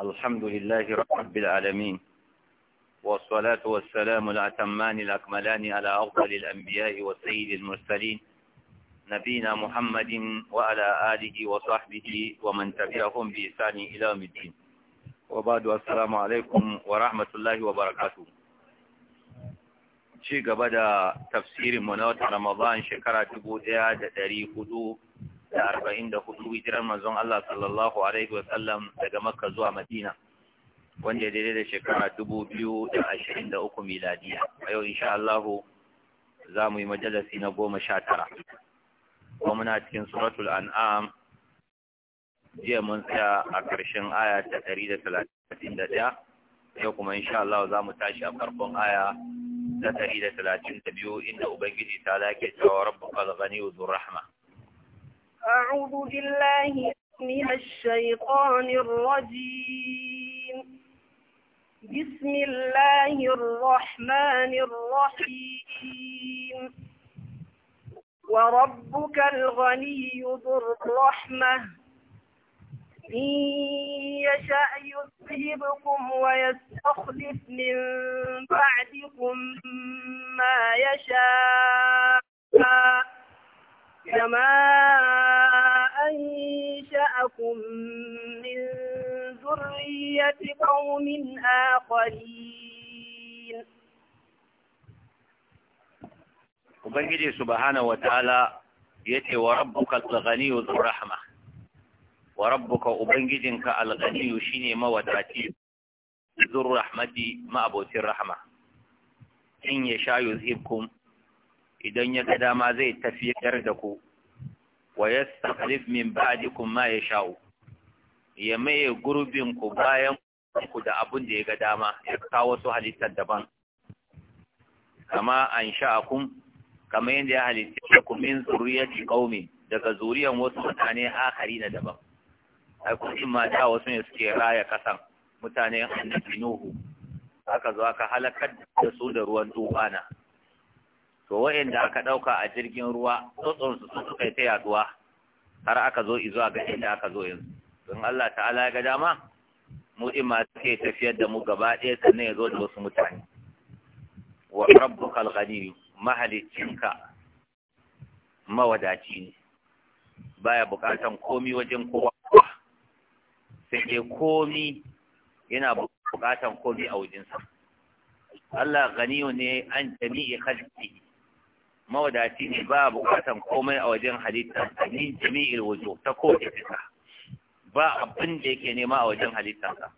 الحمد لله رب العالمين والصلاة والسلام الأتمان الأكملان على أفضل الأنبياء والسيد المرسلين نبينا محمد وعلى آله وصحبه ومن تبعهم بإحسان إلى يوم الدين وبعد السلام عليكم ورحمة الله وبركاته ci gaba da tafsirin mu na watan Ramadan shekara 1400 da arba'in da hudu hijirar manzon Allah sallallahu alaihi wasallam daga Makka zuwa Madina wanda ya daidai da shekara dubu biyu da ashirin da uku miladiya a yau insha Allah za mu yi majalasi na goma sha tara kuma muna cikin suratul an'am jiya mun tsaya a ƙarshen aya ta ɗari da talatin da ɗaya yau kuma insha Allah za mu tashi a farkon aya ta ɗari da talatin da biyu inda Ubangiji ta lake cewa rabbuka al wa dhur rahma أعوذ بالله من الشيطان الرجيم بسم الله الرحمن الرحيم وربك الغني ذو الرحمة إن يشأ يذهبكم ويستخلف من بعدكم ما يشاء كما أنشأكم من ذرية قوم آخرين Ubangiji subhanahu wataala yace wa rabbuka al-ghaniyyu dhur-rahma wa rabbuka ubangijinka al-ghaniyyu shine mawadati dhur-rahmati ma abotin rahma in yasha yuzhibkum idan ya ga dama zai tafiyar da ku wa yastakhlif min ba'dikum ma yasha'u ya maye gurbin ku bayan ku da abun da ya ga dama ya kawo su halittar daban kama an sha'akum kama yadda ya halitta ku min zuriyati qaumi daga zuriyan wasu mutane akari na daban ai shi ma da wasu ne suke raya kasan mutane annabi nuhu aka zo aka halakar da su da ruwan tufana to wa'inda aka ɗauka a jirgin ruwa tsotson su sun kai ta yaduwa har aka zo izuwa ga inda aka zo yanzu don Allah ta'ala ya ga dama mu din ma take tafiyar da mu gaba ɗaya sannan ya zo da wasu mutane wa rabbuka al-ghani mahalicinka mawadaci ne baya bukatan komi wajen kowa sai dai komi yana bukatan komi a wajensa Allah ganiyo ne an jami'i khalqihi mawadaci ne ba bukatan komai a wajen halitta min jami'il wujuh ta kowace fita ba abin da yake nema a wajen ka.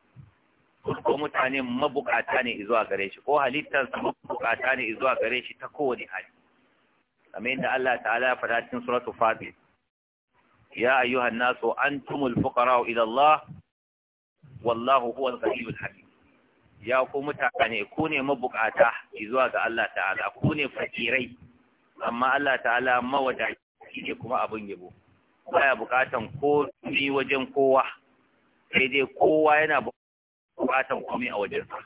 ko mutane mabukata ne zuwa gare shi ko halittarsa mabukata ne zuwa gare shi ta kowane hali kamar yadda Allah ta'ala ya faɗa cikin suratul fatir ya ayyuhan nasu antumul fuqara ila Allah wallahu huwal ghaniyyul hakim ya ku mutane ku ne mabukata zuwa ga Allah ta'ala ku ne fakirai amma Allah ta'ala mawadaci ne kuma abin yabo baya bukatan komai wajen kowa sai dai kowa yana bukatan komai a wajensa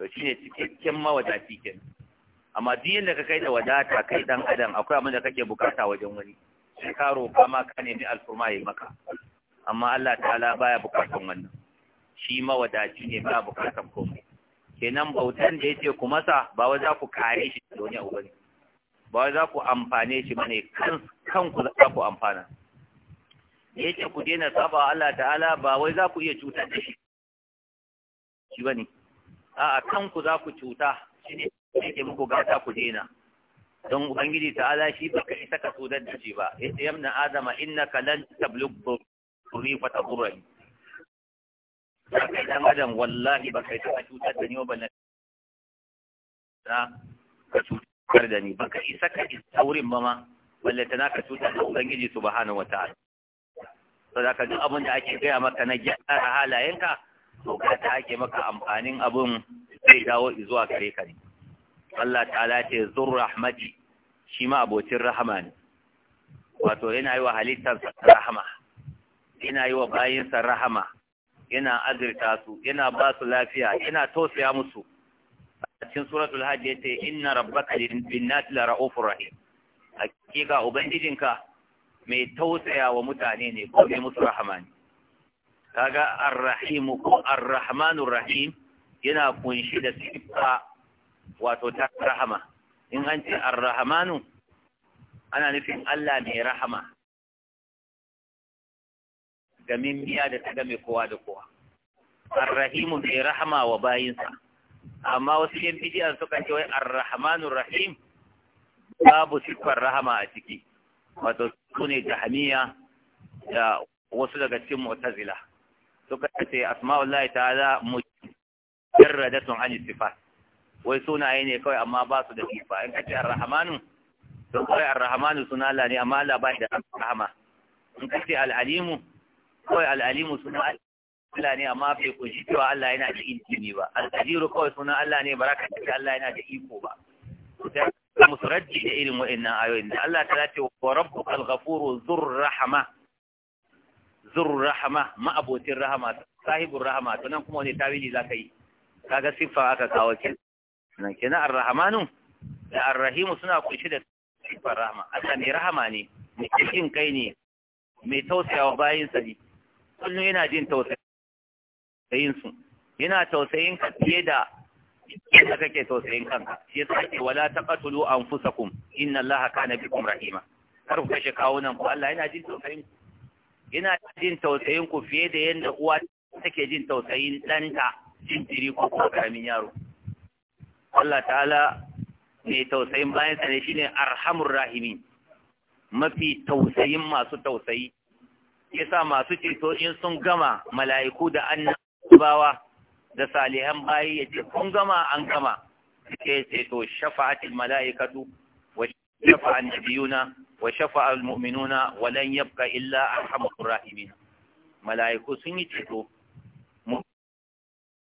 to shine cikakken mawadaci kenan amma duk yadda ka kai da wadata kai dan adam akwai abin da kake bukata wajen wani sai ka roƙa ma ka nemi alfurma yi maka amma Allah ta'ala baya bukatan wannan shi mawadaci ne ba bukatan komai kenan bautan da yake ku masa ba wajen za ku kare shi da wani abu ba wai za ku amfane shi bane kan kanku za ku amfana Ya ce ku daina saba Allah ta'ala ba wai za ku iya cutar da shi shi ne. a'a kanku za ku cuta shi ne ya ce muku gata ku daina don ubangiji ta'ala shi ka isa ka cutar da shi ba Ya ce yamna adama innaka lan tablughu turi fa ba kai dan adam wallahi ba isa ka cutar da ni ba na ka cutar kar da ni baka isa ka isa wurin ba ma balle ta naka cutar da ubangiji subhanahu wataala saboda ka duk abin da ake gaya maka na gyara halayenka to ka ta ake maka amfanin abin zai dawo zuwa gare ka ne Allah ta'ala ce zur rahmati shi ma abocin rahama ne wato yana yi wa halittarsa rahama yana yi wa bayinsa rahama yana azirta su yana ba su lafiya yana tosiya musu cikin suratul hajj ce inna rabbaka lin-nasi la'ufur rahim hakika ubangijinka mai tausaya wa mutane ne ko mai musu rahama ne kaga ar rahimu ko ar rahmanu rahim yana kunshi da sifa wato ta rahama in an ce ar-rahmanu ana nufin Allah mai rahama ga mimmiya da ta game kowa da kowa ar-rahimu mai rahama wa bayinsa amma wasu yan an suka ce wai ar-rahmanur rahim babu sifar rahama a ciki wato su ne jahamiya da wasu daga cikin mu'tazila suka ce lahi ta'ala mujarradatun an sifat wai sunaye ne kawai amma ba su da sifa in kace ar-rahmanu to kawai ar-rahmanu suna Allah ne amma Allah ba da rahama in kace al-alimu kawai al-alimu suna Allah ne amma bai kunshi cewa Allah yana da ilimi ba al ajiru kawai sunan Allah ne baraka ce Allah yana da iko ba da musuraddi da irin wa'annan ayoyin da Allah ta ce wa rabbukal ghafuru dhur rahama zur rahama abotin rahama sahibur rahama to nan kuma wani tawili zaka yi kaga siffa aka kawo ke nan kenan ar-rahmanu da ar-rahim suna kunshi da sifar rahama Allah ne rahama ne mai cikin kai ne mai tausayawa bayin sa ne kullum yana jin tausayi tausayin su yana tausayin ka fiye da yadda kake tausayin kanka shi yasa ake wala taqatulu anfusakum inna allaha kana bikum rahima kar ku kashe kawunan ku Allah yana jin tausayin ku yana jin tausayin ku fiye da yadda uwa take jin tausayin ɗanta jinjiri ko ko karamin yaro Allah ta'ala mai tausayin bayan sa ne shine arhamur rahimin mafi tausayin masu tausayi yasa masu ceto in sun gama mala'iku da annan bawa da salihan bayi ya ce kun gama an gama sai sai to shafa'atul mala'ikatu wa shafa'a nabiyuna wa shafa'a almu'minuna wa lan yabqa illa arhamur rahimin mala'iku sun yi ceto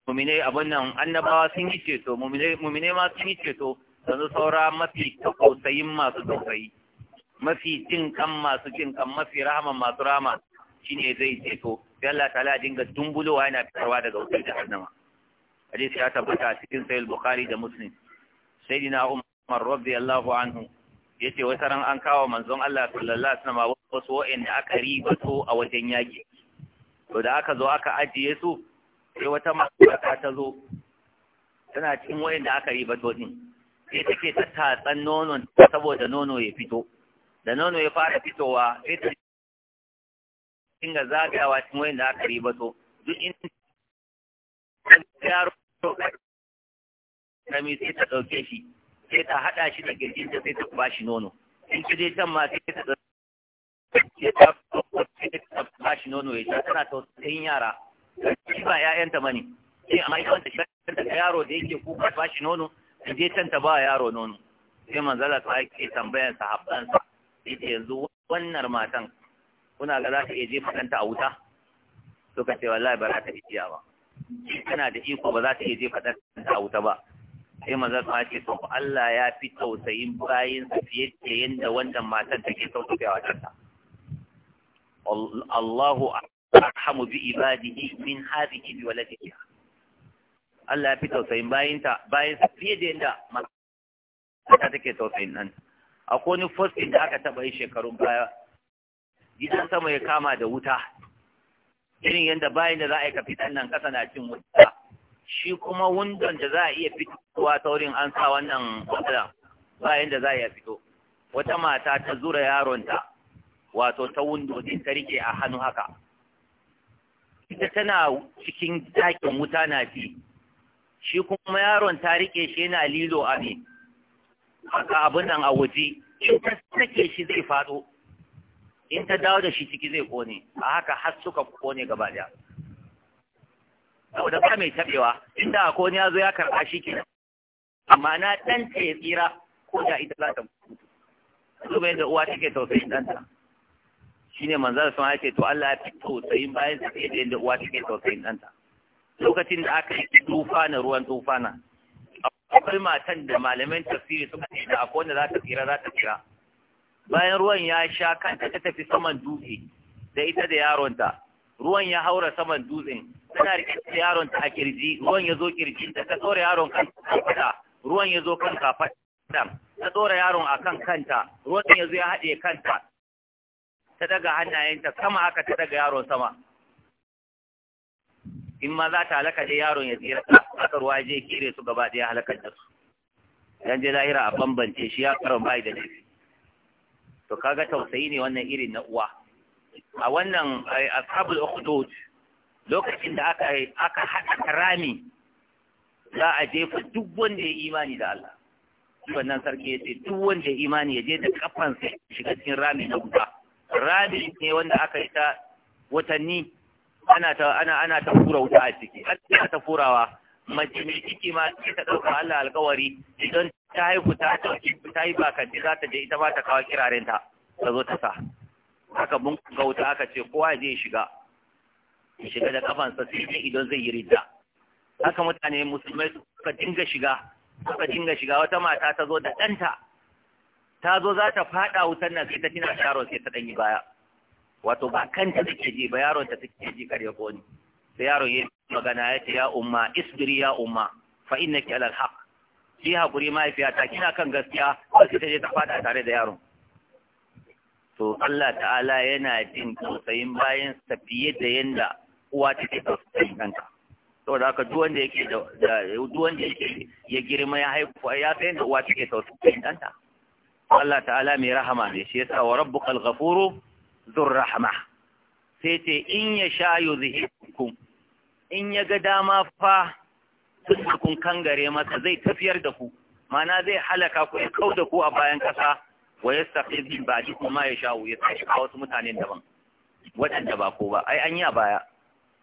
mu'minai abin nan annabawa sun yi ceto mu'minai ma sun yi ceto yanzu saura mafi tausayin masu tausayi mafi jin kan masu jin kan mafi rahama masu rahama shine zai ceto sai Allah ta'ala dinga dumbulowa yana fitarwa daga wutar jahannama hadisi ya tabbata a cikin sahih bukhari da muslim sayyidina umar radiyallahu anhu yace wata ran an kawo manzon Allah sallallahu alaihi wasallam wasu wa'anda aka riba to a wajen yaki to da aka zo aka ajiye su sai wata mata ta zo tana cikin wa'anda aka riba to din sai take tattatsan nonon saboda nono ya fito da nono ya fara fitowa sai ta dinga zagayawa cikin wayan da aka to duk in yaro kami sai ta ɗauke shi sai ta haɗa shi da girgin ta sai ta ba shi nono in ki je can ma sai ta dauke ta ba shi nono ya sha tana tausayin yara shi ba 'ya'yanta ba ne sai amma ita wanda shi da yaro da yake kuka ba shi nono in je can ta ba yaro nono sai manzala ta ake tambayan sa ita yanzu wannan matan kuna ga za ka iya jefa ɗanta a wuta to ka ce wallahi ba za ta iya ba kana da iko ba za ta iya jefa ɗanta a wuta ba sai manzon sa ce to Allah ya fi tausayin bayin sa fiye da yanda wannan matan take tausayawa ta Allahu arhamu bi ibadihi min hadhihi bi waladihi Allah ya fi tausayin ta bayan su fiye da yadda matan take tausayin nan akwai wani fosfin da aka taɓa yi shekarun baya gidan sama ya kama da wuta irin yadda bayan da za a yi ka fitan nan ƙasa na cin wuta shi kuma wundon da za a iya fitowa saurin an sa wannan wadan bayan da za a iya fito wata mata ta zura yaronta wato ta wundo din ta rike a hannu haka ita tana cikin takin wuta na fi shi kuma yaron ta rike shi yana lilo a ne haka abin nan a waje in ta sake shi zai faɗo in ta dawo da shi ciki zai kone a haka har suka kone gaba da saboda ba mai tabewa inda a kone ya zo ya karɓa shi ke amma na ɗan ta ya tsira ko da ita za ta mutu zuba yadda uwa take tausayin ɗanta shine manzara sun haice to Allah ya fi tausayin bayan sa fiye da uwa take tausayin ɗanta lokacin da aka yi tufana ruwan tufana akwai matan da malamin tafsiri suka ce da akwai wanda za ta tsira za ta tsira bayan ruwan ya sha kanta ta tafi saman dutse da ita da yaronta ruwan ya haura saman dutsen tana rike da yaronta a kirji ruwan ya zo kirji ta ta tsora yaron kan kafada ruwan ya zo kan kafada ta tsora yaron a kan kanta ruwan ya zo ya haɗe kanta ta daga hannayenta sama haka ta daga yaron sama in ma za ta halaka da yaron ya tsira aka ruwa je kire su gaba ɗaya halakar da su dan je lahira a bambance shi ya karon bai da laifi to kaga tausayi ne wannan irin na uwa a wannan ashabul ukhdud lokacin da aka aka hada karami za a jefa duk wanda ya imani da Allah wannan sarki yace duk wanda ya imani ya je da sa shiga cikin rami na uwa rami ne wanda aka yi ta watanni ana ta ana ana ta fura wuta a ciki ana ta furawa mace mai ciki ma sai ta ɗauka Allah alkawari idan ta haihu ta ɗauki ta yi bakanti za ta je ita ma ta kawo kirarenta ta zo ta sa haka mun gauta aka ce kowa zai shiga ya shiga da kafansa sai dai idan zai yi ridda haka mutane musulmai suka dinga shiga suka dinga shiga wata mata ta zo da ɗanta ta zo za ta faɗa wutar nan sai ta tina yaron sai ta ɗanyi baya wato ba kanta take ji ba yaron ta take ji kare ya koni sai yaro ya magana ya ce ya umma isbiri ya umma fa ki alal haq ki hakuri ta, kina kan gaskiya ba ki je ta fada tare da yaron to Allah ta'ala yana jin tausayin bayan sa fiye da yanda uwa take tausayin kanka saboda haka duk wanda yake da duk wanda yake ya girma ya haifu ya san yanda uwa take tausayin kanta Allah ta'ala mai rahama ne shi yasa wa rabbukal ghafuru dhur rahma sai ce in ya sha yuzhikum in ya ga dama fa su kun kangare masa zai tafiyar da ku mana zai halaka ku ya kau da ku a bayan kasa wa ya saƙi bin ba ji kuma ya sha ya shi? Ka wasu mutanen daban waɗanda ba ko ba ai an yi a baya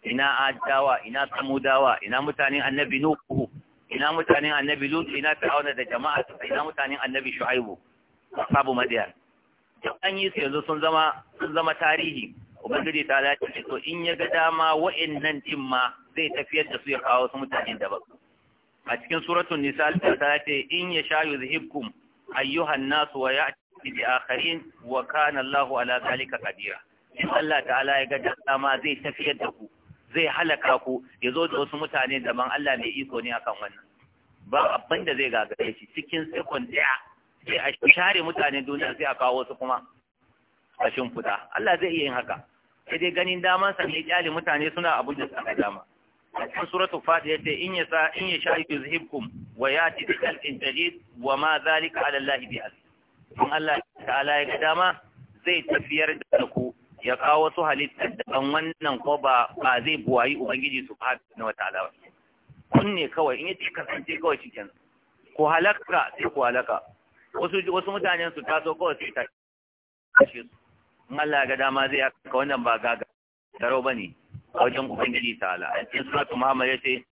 ina adawa ina samudawa ina mutanen annabi nuku ina mutanen annabi lut ina fir'auna da jama'a ina mutanen annabi shu'aibu sabu madiyar duk an yi su yanzu sun zama sun zama tarihi ubangiji ta lati to in ya ga dama wa'annan din ma zai tafiyar da su ya kawo su mutane daban a cikin suratun nisa ta ce in ya sha yuzhibkum ayyuhan nasu wa ya bi akharin wa kana Allahu ala zalika Kadira." in Allah ta'ala ya ga dama zai tafiyar da ku zai halaka ku ya zo da wasu mutane daban Allah mai iko ne akan wannan ba abin da zai gagare shi cikin sekon daya sai a share mutane duniya sai a kawo wasu kuma a shimfiɗa Allah zai iya yin haka sai dai ganin damansa sa ne kyale mutane suna abin da suka dama a suratu fadi ya ce in yasa in yasha zuhibkum wa ya bi khalqin jadid wa ma zalika ala Allah bi al. in Allah ta'ala ya ga dama zai tafiyar da ku ya kawo su halittar da wannan ko ba ba zai buwayi ubangiji su na wata ala ba kun ne kawai in ci kasance kawai cikin ku halaka sai ku halaka wasu wasu mutanen su taso kawai sai ta shi su in Allah ya ga dama zai aka wannan ba gaga taro bane a wajen ubangiji ta'ala a cikin suratu muhammad ya ce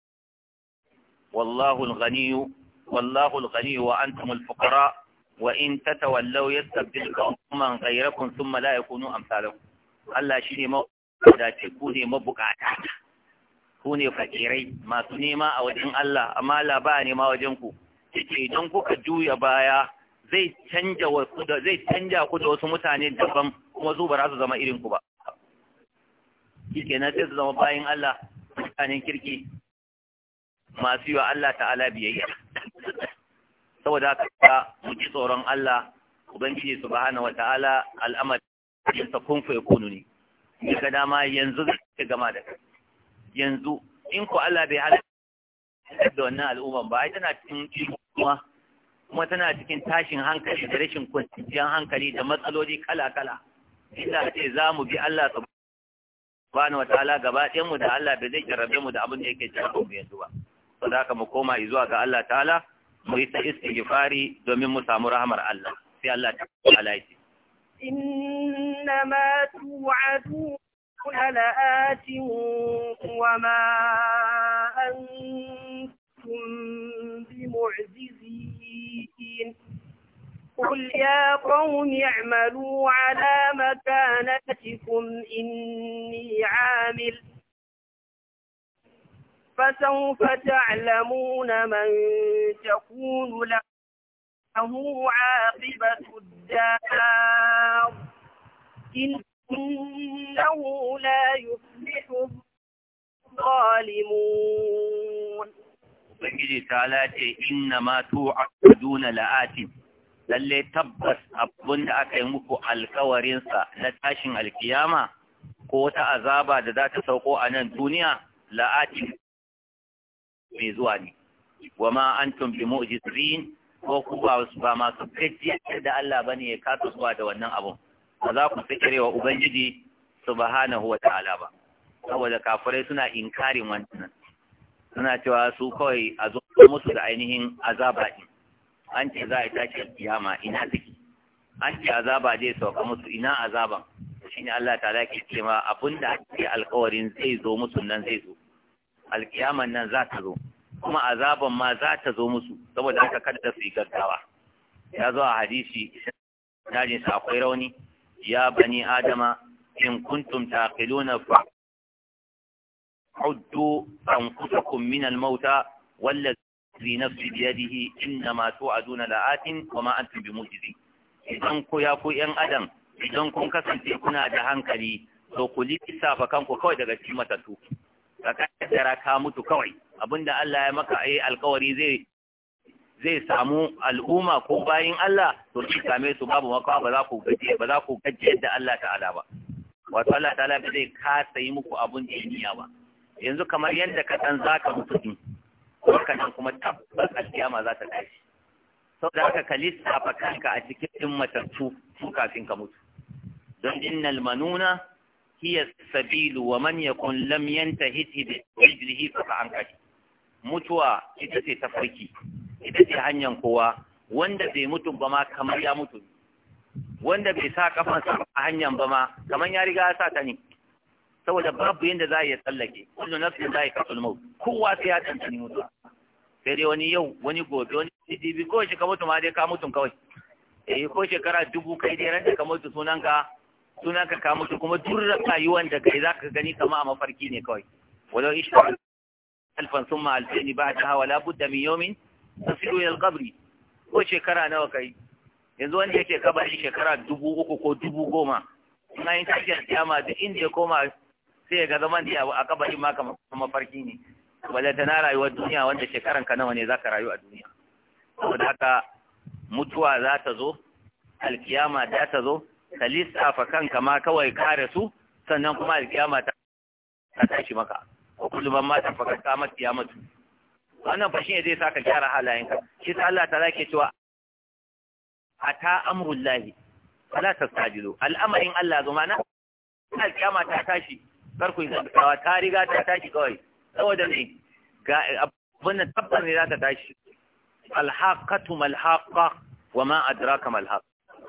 wallahu al-ghaniyu wallahu al-ghaniyu wa antum al-fuqara wa in tatawallaw yastabdil qauman ghayrakum thumma la yakunu amsalakum Allah shine ma da ce ku ne mabukata ku ne fakirai masu nema a wajen Allah amma la ba ne ma wajen ku yace idan kuka juya baya zai canja ku da wasu mutane daban kuma zuba za su zama irin ku ba na sai su zama bayan Allah mutanen kirki masu yi wa Allah ta'ala biyayya saboda haka ta muke tsoron Allah ubangiji subhanahu wata'ala al'amarin sa kun fai kunu ne ga dama yanzu zai gama da kai yanzu in ko Allah bai hana da wannan al'umman ba ai tana cikin kuma kuma tana cikin tashin hankali da rashin kwanciyar hankali da matsaloli kala-kala inda ce za mu bi Allah subhanahu wataala gaba ɗayan mu da Allah bai zai jarabe mu da abin da yake cewa mu yanzu ba to da haka mu koma zuwa ga Allah ta'ala mu yi ta istighfari domin mu samu rahmar Allah sai Allah ta ta'ala ya ce إنما wa ma antum bi mu'jizin قل يا قوم اعملوا على مكانتكم إني عامل فسوف تعلمون من تكون له عاقبة الدار إنه لا يفلح الظالمون. Ubangiji ta إنما توعدون لآتم lalle tabbas abun da aka yi muku alkawarinsa na tashin alkiyama ko wata azaba da za ta sauko a nan duniya la'ati mai zuwa ne wa ma antum bi mu'jizin ko ku ba masu gajiyar da Allah bane ya kasa zuwa da wannan abun ba za ku wa ubangiji subhanahu wa ta'ala ba saboda kafirai suna inkarin wannan suna cewa su kawai a zo musu da ainihin azaba din an ce za a yi tashi kiyama ina ziki an ce azaba zai sauka musu ina azaban ne Allah ta ke ce ma abinda ake alkawarin zai zo musu nan zai zo alkiyaman nan za ta zo kuma azaban ma za ta zo musu saboda aka kada da su yi gaggawa ya zo a hadisi tajin sa akwai rauni ya bani adama in kuntum taqiluna fa uddu anfusakum min al-mauta wallazi fi nafsi biyadihi inna ma tu'aduna la'atin wa ma antum bimujizi idan ku ya ku yan adam idan kun kasance kuna da hankali to ku lissafa kanku kawai daga cikin matatu ka kaddara ka mutu kawai abinda Allah ya maka ai alkawari zai zai samu al'umma ko bayin Allah to shi same su babu maka ba za ku gaje ba za ku gaje da Allah ta'ala ba wato Allah ta'ala bai zai kasa yi muku abun da ba yanzu kamar yadda ka dan zaka mutu din haka nan kuma tabbas alkiyama za ta tashi da aka ka a kanka a cikin matattu tun kafin ka mutu don innal manuna hiya sabilu wa man yakun lam yantahi bi rijlihi fa an mutuwa ita ce tafarki ita ce hanyar kowa wanda bai mutu ba ma kamar ya mutu wanda bai sa kafansa a hanyar ba ma kamar ya riga ya sa ta ne saboda babu yadda za a iya tsallake kullum nafsin za a yi kasul kowa sai ya tantani mutuwa sai dai wani yau wani gobe wani jibi ko shi ka mutu ma dai ka mutu kawai eh ko shekara dubu kai dai ran ka mutu sunanka sunan ka mutu kuma duk rayuwan da kai zaka gani kama a mafarki ne kawai walau isha alfan summa ta ba'daha la budda min yawmin tasiru ila alqabri ko shekara nawa kai yanzu wanda yake kabari shekara dubu uku ko dubu goma na yin yi tashiyar kiyama da inda ya koma sai ya ga zaman da a kabarin ma kamar mafarki ne ta na rayuwar duniya wanda shekaran ka nawa ne zaka rayu a duniya saboda haka mutuwa za ta zo alkiyama za ta zo ka lissafa kanka ma kawai kare su sannan kuma alkiyama ta tashi maka ko kullum ma ta faka kamar kiyamatu wannan fashi ne zai saka gyara halayenka shi sa Allah ta zake cewa ata amrul lahi fala tastajilu al'amarin Allah zo mana alkiyama ta tashi kar ku yi ta riga ta tashi kawai saboda ne ga abin nan tabbas ne za ta tashi alhaqatu malhaqa wa ma adraka malhaq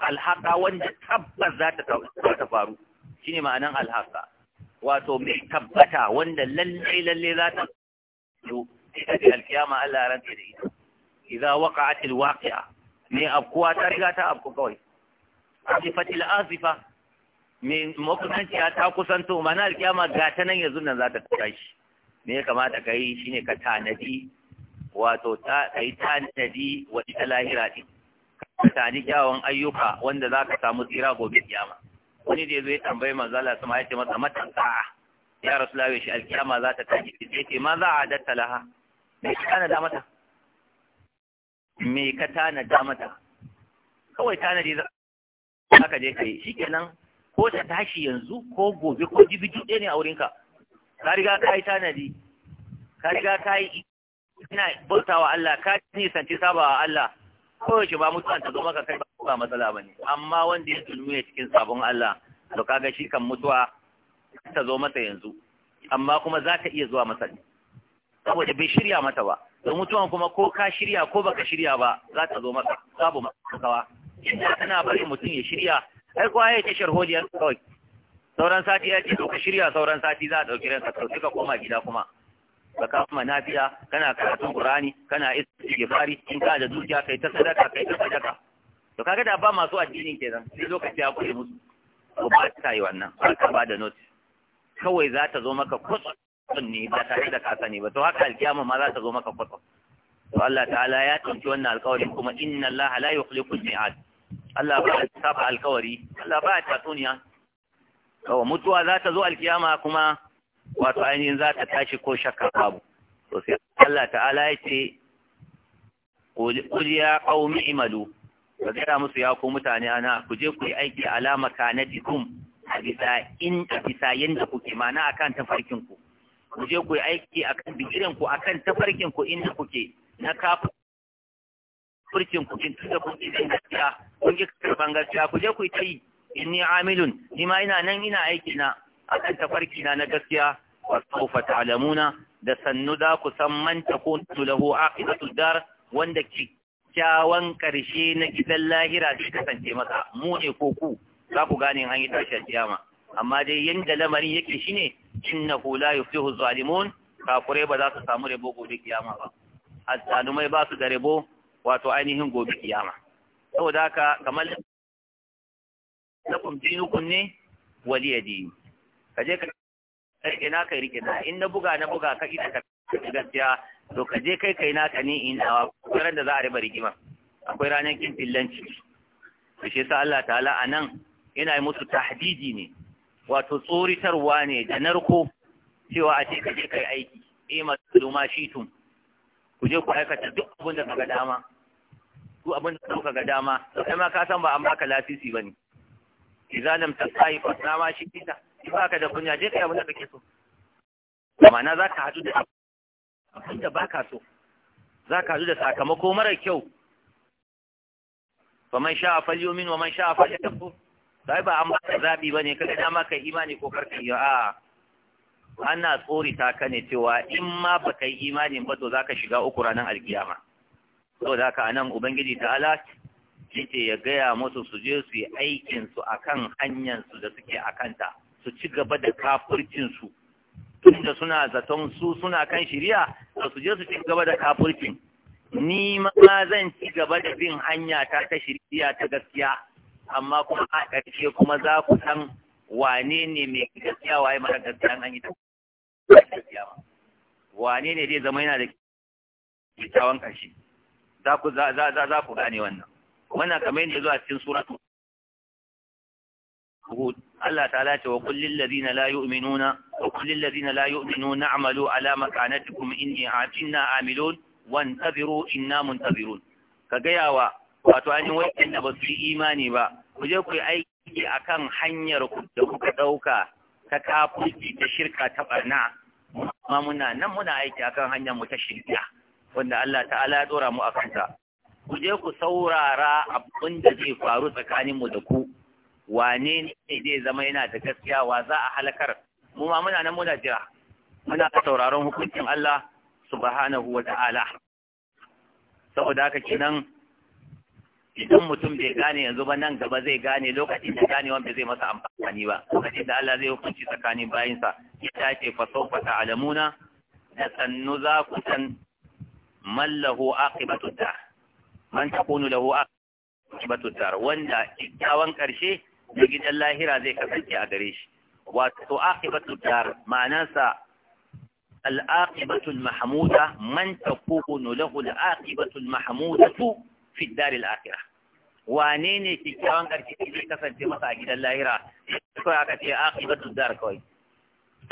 alhaqa wanda tabbas za ta faru shine ma'anan alhaqa wato mai tabbata wanda lalle lalle za ta zo ita ce alkiyama Allah ya rantsa da ita idza waqa'at alwaqi'a ne afkuwa ta riga ta afku kawai azifat alazifa me makusanci ta kusanto mana alkiyama ga ta nan yanzu nan za ta tashi me ya kamata ka yi shi ne ka tanadi wato ka yi tanadi wani ita lahira din ka tanadi kyawun ayyuka wanda za ka samu tsira gobe kiyama wani da zai tambayi manzala sama ya ce masa matanta sa'a ya rasu lawe shi alkiyama za ta tashi sai ce ma za a datta laha me ka tanada mata me ka tanada mata kawai tanadi za ka je ka yi shikenan ko ta tashi yanzu ko gobe ko jibi ɗaya ne a wurinka ka riga ka yi tanadi ka riga ka yi ina bauta wa Allah ka nisanci saba wa Allah kawai shi ba mutuwan ta zo maka kai ba matsala ba ne amma wanda ya tulmi ne cikin sabon Allah to kaga shi kan mutuwa ta zo masa yanzu amma kuma za ta iya zuwa masa ne saboda bai shirya mata ba da mutuwan kuma ko ka shirya ko baka shirya ba za ta zo maka babu makawa inda kana bari mutum ya shirya ai kowa ya ce sharholiyar kawai sauran sati ya ce to ka shirya sauran sati za a ɗauki ranka to suka koma gida kuma ka kama nafiya kana karatun Qur'ani kana istighfari in ka da dukiya kai ta sadaka kai ta sadaka to kaga da ba masu addinin kenan sai lokaci ya kure musu to ba ta yi wannan ba ka ba da note kawai za ta zo maka kwatsa ne ba tare da ka sani ba to haka alkiyama ma za ta zo maka kwatsa to Allah ta'ala ya tunci wannan alƙawarin kuma inna Allah la yukhliqu al-mi'ad Allah ba ya saba alƙawari Allah ba ya tatsuniya kawo mutuwa za ta zo alkiyama kuma wato ainihin za ta tashi ko shakka babu to sai Allah ta'ala ya ce qul ya qaumi imalu ka gaya musu ya ku mutane ana ku je ku yi aiki ala makanatikum a bisa in a bisa yanda kuke mana akan tafarkin ku ku je ku yi aiki akan bigiren ku akan tafarkin ku inda kuke na kafin furkin ku kin tunda kuke yi gaskiya kun ki karban gaskiya ku je ku yi ta yi inni amilun nima ina nan ina aiki na akan tafarki na na gaskiya wa sawfa ta'lamuna da sannu da ku san man takuntu lahu aqibatud dar wanda ki kyawan karshe na gidan lahira shi kasance masa mu ne ko ku za ku gane an yi tashin kiyama amma dai yanda lamarin yake shine innahu la yuflihu zalimun kafurai ba za su samu rabo gobe kiyama ba azzalumai ba su da rabo wato ainihin gobe kiyama saboda haka kamar lakum dinukum ne waliya dini je. ka rike na kai rike na in na buga na buga ka ita ka gaskiya to kaje kai kai na ka ni in a ran da za a riba rigima akwai ranar kin fillanci to shi yasa Allah ta'ala anan ina yi musu tahdidi ne wato tsoritarwa ne da narko cewa a ce je kai aiki eh masu ma shi tun ku je ku aikata duk abin da kaga dama duk abin da kuka ga dama sai ma ka san ba an baka lasisi bane idza lam tasai fa sama shi kita in baka da kunya je kai abin da kake so ma'ana zaka hadu da abin da baka so zaka hadu da sakamako mara kyau fa man sha'a falyumin wa man sha'a falyakfur sai ba an baka zabi bane kaga dama kai imani ko karka yi a ana tsori ka kane cewa in ma baka yi imani ba to zaka shiga uku ranar alkiyama saboda haka anan ubangiji ta'ala yace ya gaya musu su je su yi aikin su akan hanyar su da suke akanta su ci gaba da kafircin su tunda suna zaton su suna kan shari'a su je su ci gaba da kafircin ni ma zan ci gaba da bin hanya ta ta shari'a ta gaskiya amma kuma a ƙarshe kuma za ku san wane ne mai gaskiya waye mara gaskiya an yi ta gaskiya ba wane ne zai zama yana da kyakkyawan ƙarshe za ku gane wannan wannan kamar yadda zuwa cikin suratu Allah ta'ala ce wa kullil ladina la yu'minuna wa kullil ladina la yu'minuna a'malu ala makanatikum inni inna amilun wantabiru inna muntabirun ka gaya wa wato an yi wajen da ba su yi imani ba ku je ku yi aiki akan hanyar ku da kuka dauka ta kafirci ta shirka ta barna amma muna nan muna aiki akan hanyar mu ta shirka wanda Allah ta'ala ya dora mu akan ta ku je ku saurara abin da zai faru tsakaninmu da ku wane ne zai zama yana da gaskiya wa za a halakar mu ma muna nan muna jira muna sauraron hukuncin Allah subhanahu wa ta'ala saboda haka nan idan mutum bai gane yanzu ba nan gaba zai gane lokacin da gane bai zai masa amfani ba lokacin da Allah zai hukunci tsakanin bayinsa ya dace fa sawfa ta'lamuna da sannu za ku san mallahu aqibatu da man takunu lahu aqibatu tar wanda kyakkyawan karshe da gidan lahira zai kasance a gare shi wato aqibatu tar ma'anarsa al-aqibatu al-mahmuda man takunu lahu al-aqibatu al-mahmudatu fi ad-dar al wane ne kyakkyawan karshe zai kasance masa a gidan lahira sai aka ce aqibatu dar kawai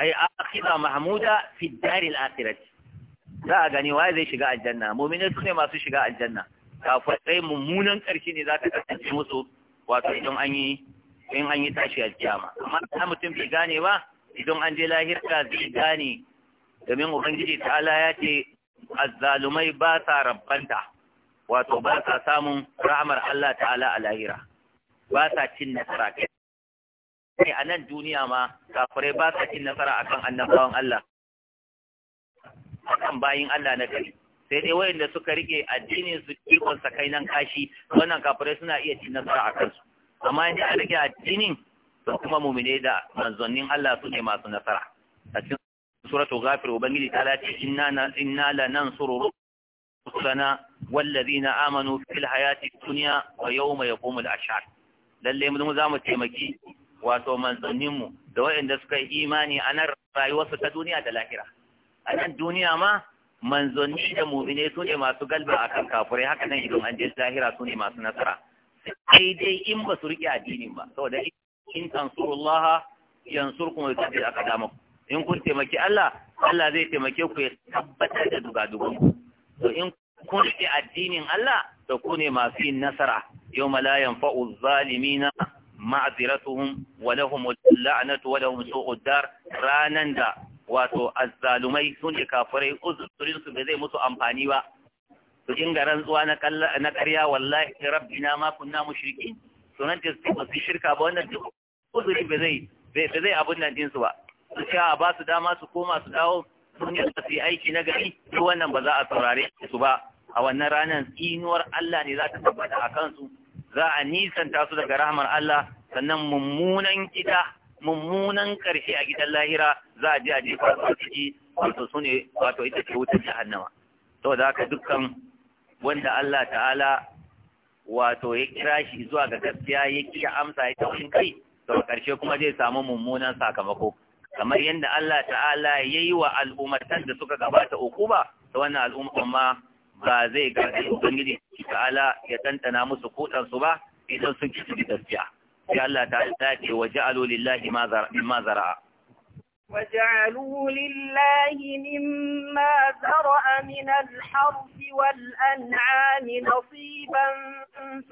ai akhira mahmuda fi ad-dar al-akhirah za a gani waye zai shiga aljanna mu'minin su ne masu shiga aljanna kafirai mummunan ƙarshe ne za ta kasance musu wato idan an yi in an yi tashi alkiyama amma ta mutum bai gane ba idan an je lahirka zai gane domin ubangiji ta'ala ya ce azzalumai ba sa rabbanta wato ba sa samun ra'amar Allah ta'ala a lahira ba sa cin nasara kai a nan duniya ma kafirai ba sa cin nasara akan annabawan Allah akan bayin Allah na gari sai dai da suka rike addinin su ikon sa kai nan kashi wannan kafare suna iya cin nasara a kansu amma in an rike addinin to kuma mu'mine da manzannin Allah su ne masu nasara a cikin suratul ghafir ubangiji ta lati inna inna lanansuru rusana wallazina amanu fil hayati dunya wa yawma yaqumul ashhad lalle mu za mu taimaki wato mu da wa'yan da suka yi imani a nan rayuwarsu ta duniya da lahira a nan duniya ma manzanni da muminai su ne masu galba kan kafurai haka nan idan an je zahira su ne masu nasara sai dai in ba su riƙe addinin ba saboda in tansurullaha yansurkum wa aka aqdamakum in kun taimaki Allah Allah zai taimake ku ya tabbatar da dugadugun ku to in kun riƙe addinin Allah to ku ne masu yin nasara ma la yanfa'u zalimina ma'ziratuhum wa lahum lanatu wa lahum su'ud dar ranan da wato azzalumai sun je kafirai uzurin su bai zai mutu amfani ba su inga rantsuwa na kalla na ƙarya wallahi rabbina ma kunna mushrikin da su su shirka ba wannan duk uzuri bai zai bai zai abun nan din su ba su ce a ba su dama su koma su dawo sun yi su yi aiki na gari duk wannan ba za a saurare su ba a wannan ranar tsinuwar Allah ne za ta tabbata a kansu za a nisanta su daga rahmar Allah sannan mummunan gida mummunan ƙarshe a gidan lahira za a je a jefa su a ciki wato su ne wato ita ce wutar jahannama da haka dukkan wanda Allah ta'ala wato ya kira shi zuwa ga gaskiya ya kiya amsa ya taushin kai to ƙarshe kuma zai samu mummunan sakamako kamar yadda Allah ta'ala ya yi wa al'ummatan da suka gabata ukuba ta wannan al'ummar ma ba zai gaji ubangiji ta'ala ya tantana musu kutansu ba idan sun ci su gaskiya sai تعالى ta وجعلوا لله ما lillahi مما zara'a وجعلوا لله مما زرأ من الحرث والأنعام نصيبا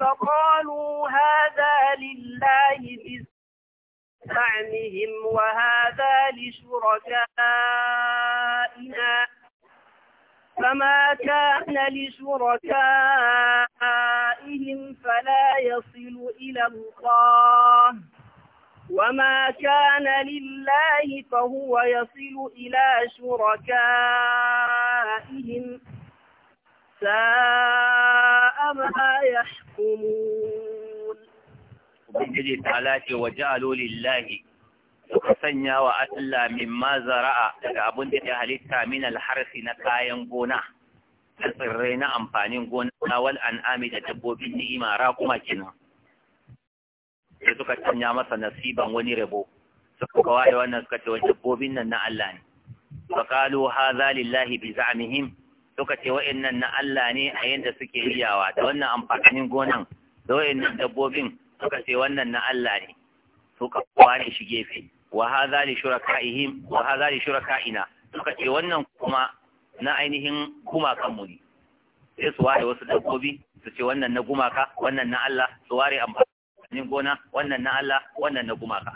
فقالوا هذا لله بزعمهم وهذا لشركائنا فما كان لشركائهم فلا يصل إلى الله وما كان لله فهو يصل إلى شركائهم ساء ما يحكمون وبنجد تعالى وجعلوا لله suka sanya wa Allah ma zara'a daga abin da ya halitta min alharfi na kayan gona da tsirrai na amfanin gona wal an'ami da dabbobin ni'ima ra kuma kenan sai suka sanya masa nasiban wani rabo suka da wannan suka ce wa dabbobin nan na Allah ne faqalu hadha lillahi bi za'mihim suka ce wa'annan na Allah ne a yanda suke riyawa da wannan amfanin gonan da wa'annan dabbobin suka ce wannan na Allah ne suka ware shi gefe wa hadha li shuraka'ihim wa hadha li shuraka'ina suka ce wannan kuma na ainihin gumakanmu mu ne sai su ware wasu dabbobi su ce wannan na gumaka wannan na Allah su ware amfanin gona wannan na Allah wannan na gumaka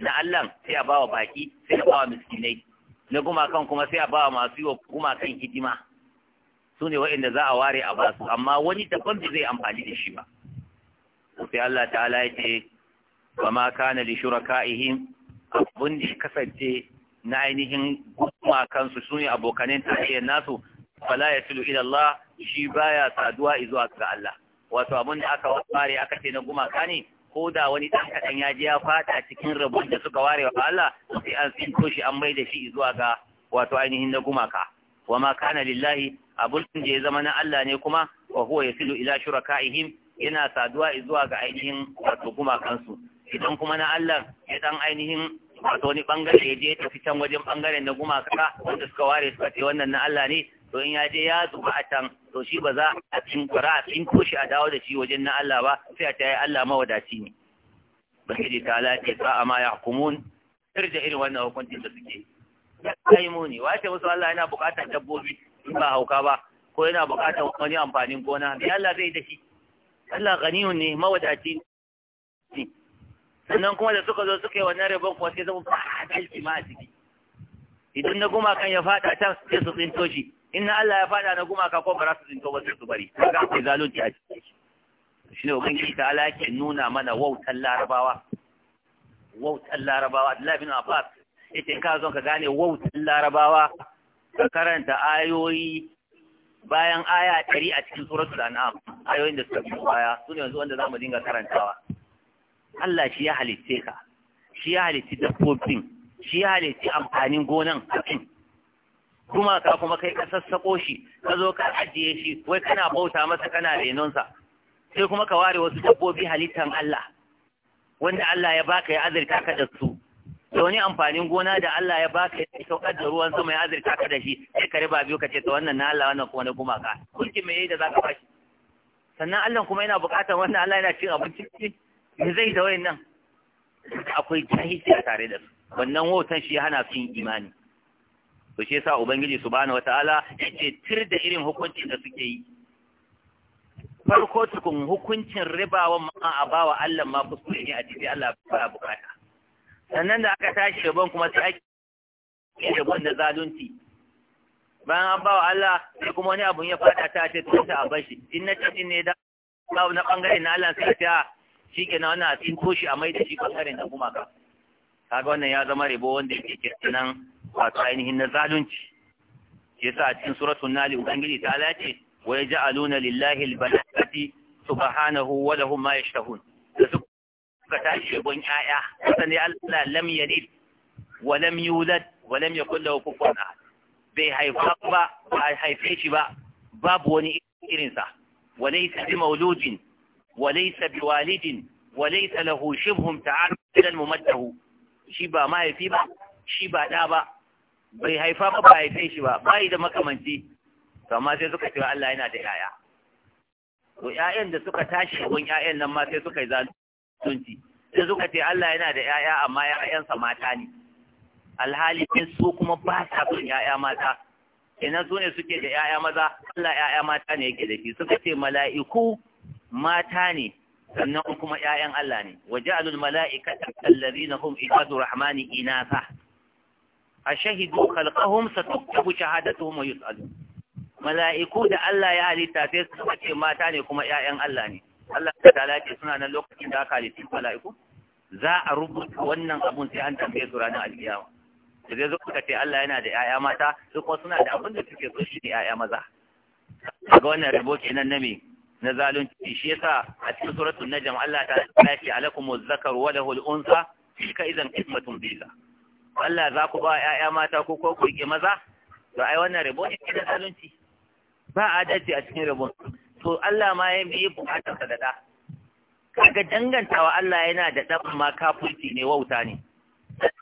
na Allah sai a bawa baki sai a bawa miskinai na gumakan kuma sai a bawa masu yi wa gumakan hidima su ne waɗanda za a ware a basu amma wani daban da zai amfani da shi ba sai Allah ta'ala ya ce wa ma kana li shuraka'ihim abin da kasance na ainihin gudunma kansu su ne abokanin nasu fala ya filo ilallah shi baya saduwa izuwa ga Allah wato abin da aka ware aka ce na gumaka ne ko da wani ɗan kaɗan ya je ya faɗa cikin rabon da suka ware wa Allah sai an tsinko shi an mai da shi izuwa ga wato ainihin na gumaka wa ma kana lillahi abun da ya zama na Allah ne kuma wa huwa filo ila shurakaihim yana saduwa izuwa ga ainihin wato gumakansu idan kuma na Allah ya dan ainihin wato ni bangare ya je tafi can wajen bangaren na gumaka wanda suka ware suka ce wannan na Allah ne to in ya je ya zuba a can to shi ba za a kura a cin koshi a dawo da shi wajen na Allah ba sai a tayi Allah mawadaci ne bashiri ta ce ba amma ya hukumun irja irin wannan hukuncin da suke kai mu ne wace musu Allah yana buƙatar dabbobi in ba hauka ba ko yana buƙatar wani amfanin gona me Allah zai da shi Allah ganiyun ne mawadaci ne sannan kuma da suka zo suka yi wannan rabon kuwa sai zama ba adalci ma a ciki idan na gumakan ya fada can sai su tsinto shi in na Allah ya fada na gumaka ko ba za su tsinto ba sai su bari ga kai zalunci a ciki shi ne ubangiji ta ala yake nuna mana wautan larabawa wautan larabawa Abdullahi bin Abbas yace ka zo ka gane wautan larabawa ka karanta ayoyi bayan aya ɗari a cikin suratul an'am ayoyin da suka biyo baya su ne yanzu wanda zamu dinga karantawa Allah shi ya halitte ka shi ya halitti dabbobin shi ya halitti amfanin gonan hakin kuma ka kuma kai ka sassako shi ka zo ka ajiye shi wai kana bauta masa kana renonsa sai kuma ka ware wasu dabbobi halittan Allah wanda Allah ya baka ya azirka ka da su da wani amfanin gona da Allah ya baka ya saukar da ruwan sama ya azirka ka da shi sai ka riba biyu ka ce ta wannan na Allah wannan kuma na gumaka kulki me yayi da za ka bashi sannan Allah kuma yana bukatar wannan Allah yana cin abinci me zai da wayannan akwai jahilci a tare da su wannan hoton shi hana su yin imani to shi yasa ubangiji subhanahu wataala yace tir da irin hukuncin da suke yi farko tukun hukuncin wa ma a bawa Allah ma kuskure ne a cikin Allah ba bukata sannan da aka tashi rabon kuma sai ake rabon da zalunci bayan an bawa Allah sai kuma wani abun ya fada ta ce to ta abashi in na cikin ne da na bangare na Allah sai ta shi nan wannan a tsinko shi a mai da shi bangaren da gumaka kaga wannan ya zama rebo wanda yake nan a ainihin na zalunci sa a cikin suratun nali ubangiji ta lace wa yaj'aluna lillahi albanati subhanahu wada lahum ma yashtahun da suka tashi rebon yaya ya Allah lam yalid wa lam yulad wa ya kulla wa kufuwan ahad bai haifa ba ba haife shi ba babu wani irinsa wa laysa bi mauludin وليس بوالد وليس له شبه تعالى إلى ممده shi ba mahaifi ba shi ba ɗa ba bai haifa ba ba ba bayi da makamanci sai suka cewa Allah yana da yaya to ƴaƴan da suka tashi gun ƴaƴan nan ma sai suka yi suka ce Allah yana da yaya amma ƴaƴansa mata ne alhali su kuma ba sa son yaya mata ina su ne suke da yaya maza Allah yaya mata ne yake da shi suka ce mala'iku mata ne sannan kuma ƴaƴan Allah ne waja'alul mala'ikata allazina hum ibadu rahmani inatha ashahidu khalqahum satuktabu shahadatuhum wa yus'alu mala'iku da Allah ya halitta sai su ce mata ne kuma ƴaƴan Allah ne Allah ta'ala ce suna nan lokacin da aka halitta mala'iku za a rubuta wannan abun sai an tambaye su ranar alkiyama da zai zo suka ce Allah yana da ƴaƴa mata su kuma suna da abin da suke so shi ne ƴaƴa maza ga wannan rabo kenan na me na zalunci shi yasa a cikin suratul najm Allah ta ce alakumuz zakar wa lahul unsa tilka idan qismatun bila Allah za ku ba 'ya'ya mata ko ko ku rike maza to ai wannan rabo ne da zalunci ba adalci a cikin rabon to Allah ma ya yi bukatar sa da da kaga dangantawa Allah yana da dan ma kafirci ne wauta ne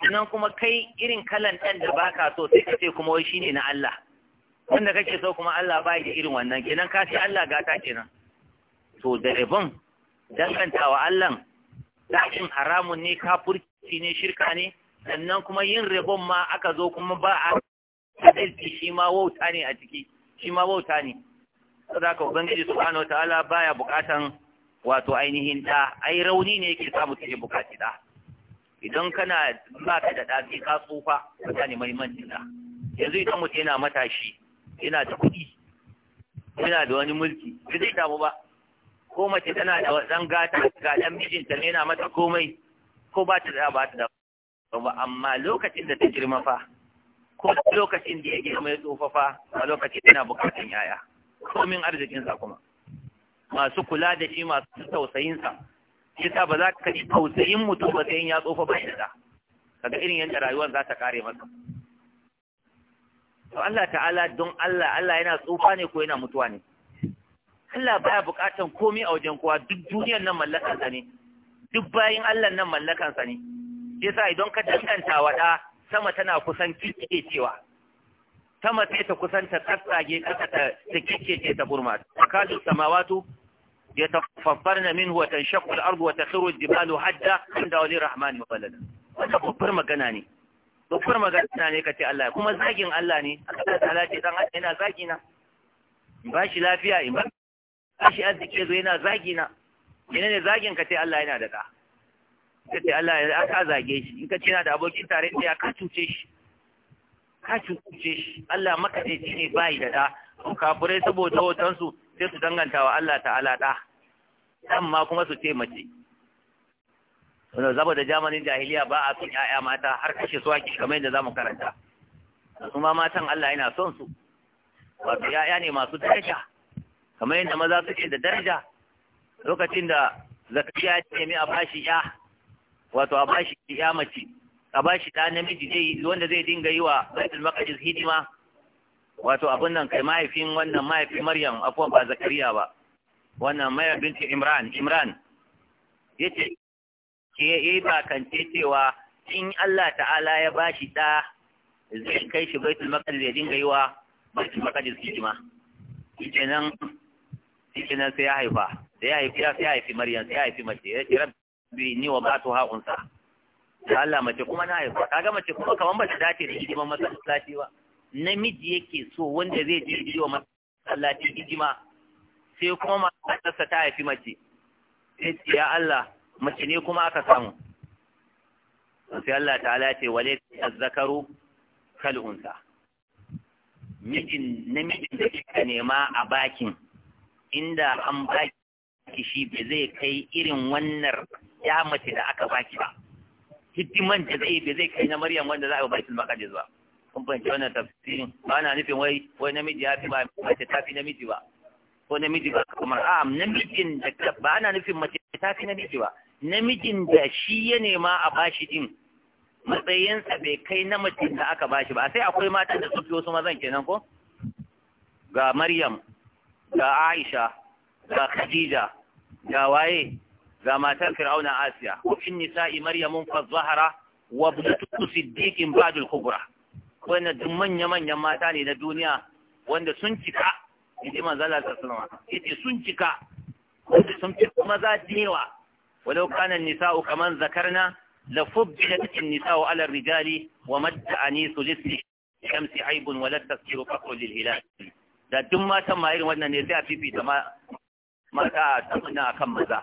sannan kuma kai irin kalan ɗan da baka so sai ka ce kuma wai shine na Allah wanda kake so kuma Allah ba da irin wannan kenan ka ce Allah gata kenan to da rabon dangantawa Allah dakin haramun ne kafurci ne shirka ne sannan kuma yin rabon ma aka zo kuma ba a adalci shi ma wauta ne a ciki shi ma wauta ne saboda ka ubangiji subhanahu wataala baya bukatan wato ainihin da ai rauni ne yake samu take bukaci da idan kana ba ka da da ka tsufa ka ne muhimmancin da yanzu idan mutum yana matashi yana da kuɗi yana da wani mulki ba zai damu ba ko mace tana da wasan gata ga dan mijinta ne yana mata komai ko ba ta da ba ta da ba amma lokacin da ta girma fa ko lokacin da ya girma ya tsofa fa a lokacin tana bukatun yaya komin arzikinsa kuma masu kula da shi masu tausayinsa yasa ba za ka ji tausayin mutum ba sai ya tsofa ba da kaga irin yanda rayuwar za ta kare masa to Allah ta'ala don Allah Allah yana tsufa ne ko yana mutuwa ne Allah baya bukatan komai a wajen kowa duk duniyar nan mallakansa ne duk bayin Allah nan mallakansa ne sa idan ka danganta wa da sama tana kusan kike cewa sama sai ta kusan ta tsatsage kasa ta ta kike ce ta burma kadu samawatu yatafaffarna minhu wa tanshaqqu al-ardu wa takhiru al-jibalu hadda inda wali rahman walada wannan babbar magana ne babbar magana ne kace Allah kuma zagin Allah ne Allah ta'ala ce dan Allah yana zagina in ba shi lafiya in ba ashi arziki zo yana zagi na yana ne zagin ka sai Allah yana da ɗa ka ce Allah ya aka zage shi in ka ce yana da abokin tare ya ka cuce shi ka cuce shi Allah maka ne shi ne bai da ɗa ko kafirai saboda su, sai su danganta wa Allah ta'ala ɗa amma ma kuma su ce mace wannan zaba da jamanin jahiliya ba a son ‘ya'ya mata har kashe su ake kamar yadda za mu karanta kuma ma matan Allah yana son su wato ‘ya'ya ne masu daraja kamar yadda maza suke da daraja lokacin da zakariya ya nemi a bashi ya wato a bashi ya mace a bashi da namiji zai wanda zai dinga yi wa baitul maqdis hidima wato abin nan kai mahaifin wannan mahaifin maryam afuwan ba zakariya ba wannan maya binti imran imran yace ke yi kan cewa in Allah ta'ala ya bashi da zai kai shi baitul maqdis ya dinga yi wa baitul maqdis hidima kenan shi nan sai ya haifa da ya haifi sai ya haifi maryam sai ya haifi mace ya ce rabbi ni wa batu ha unsa da Allah mace kuma na haifa kaga mace kuma kaman bata dace da hidiman masallaci ba namiji yake so wanda zai je yi wa masallaci hidima sai kuma matarsa ta haifi mace sai ce ya Allah mace ne kuma aka samu sai Allah ta ala ce wale zakaru kal unsa mijin namijin da ke nema a bakin inda an baki shi ba zai kai irin wannan ya mace da aka baki ba hidiman da zai ba zai kai na maryam wanda za a baki maqdis ba kun fahimci wannan tafsirin ba na nufin wai wai namiji ya fi ba mace ta fi namiji ba ko namiji ba kamar a namijin da ba na nufin mace ta fi namiji ba namijin da shi ya nema a bashi din matsayinsa bai kai na mace da aka bashi ba sai akwai matan da su fi wasu mazan kenan ko ga Maryam ga Aisha ga Khadija ga waye ga matar Fir'auna Asiya wa nisa'i Maryamun fa Zahra wa ibnatu Siddiqin ba'dul kubra wannan duk manya manyan mata ne na duniya wanda sun cika idan manzala ta sallama yace sun cika wanda sun fi maza dewa walau kana an-nisa'u kaman zakarna لفضلت النساء على الرجال ومد أنيس لسل الشمس عيب ولا التذكير فقر للهلال da duk matan ma irin wannan ne sai a fifita mata a tsakunan a kan maza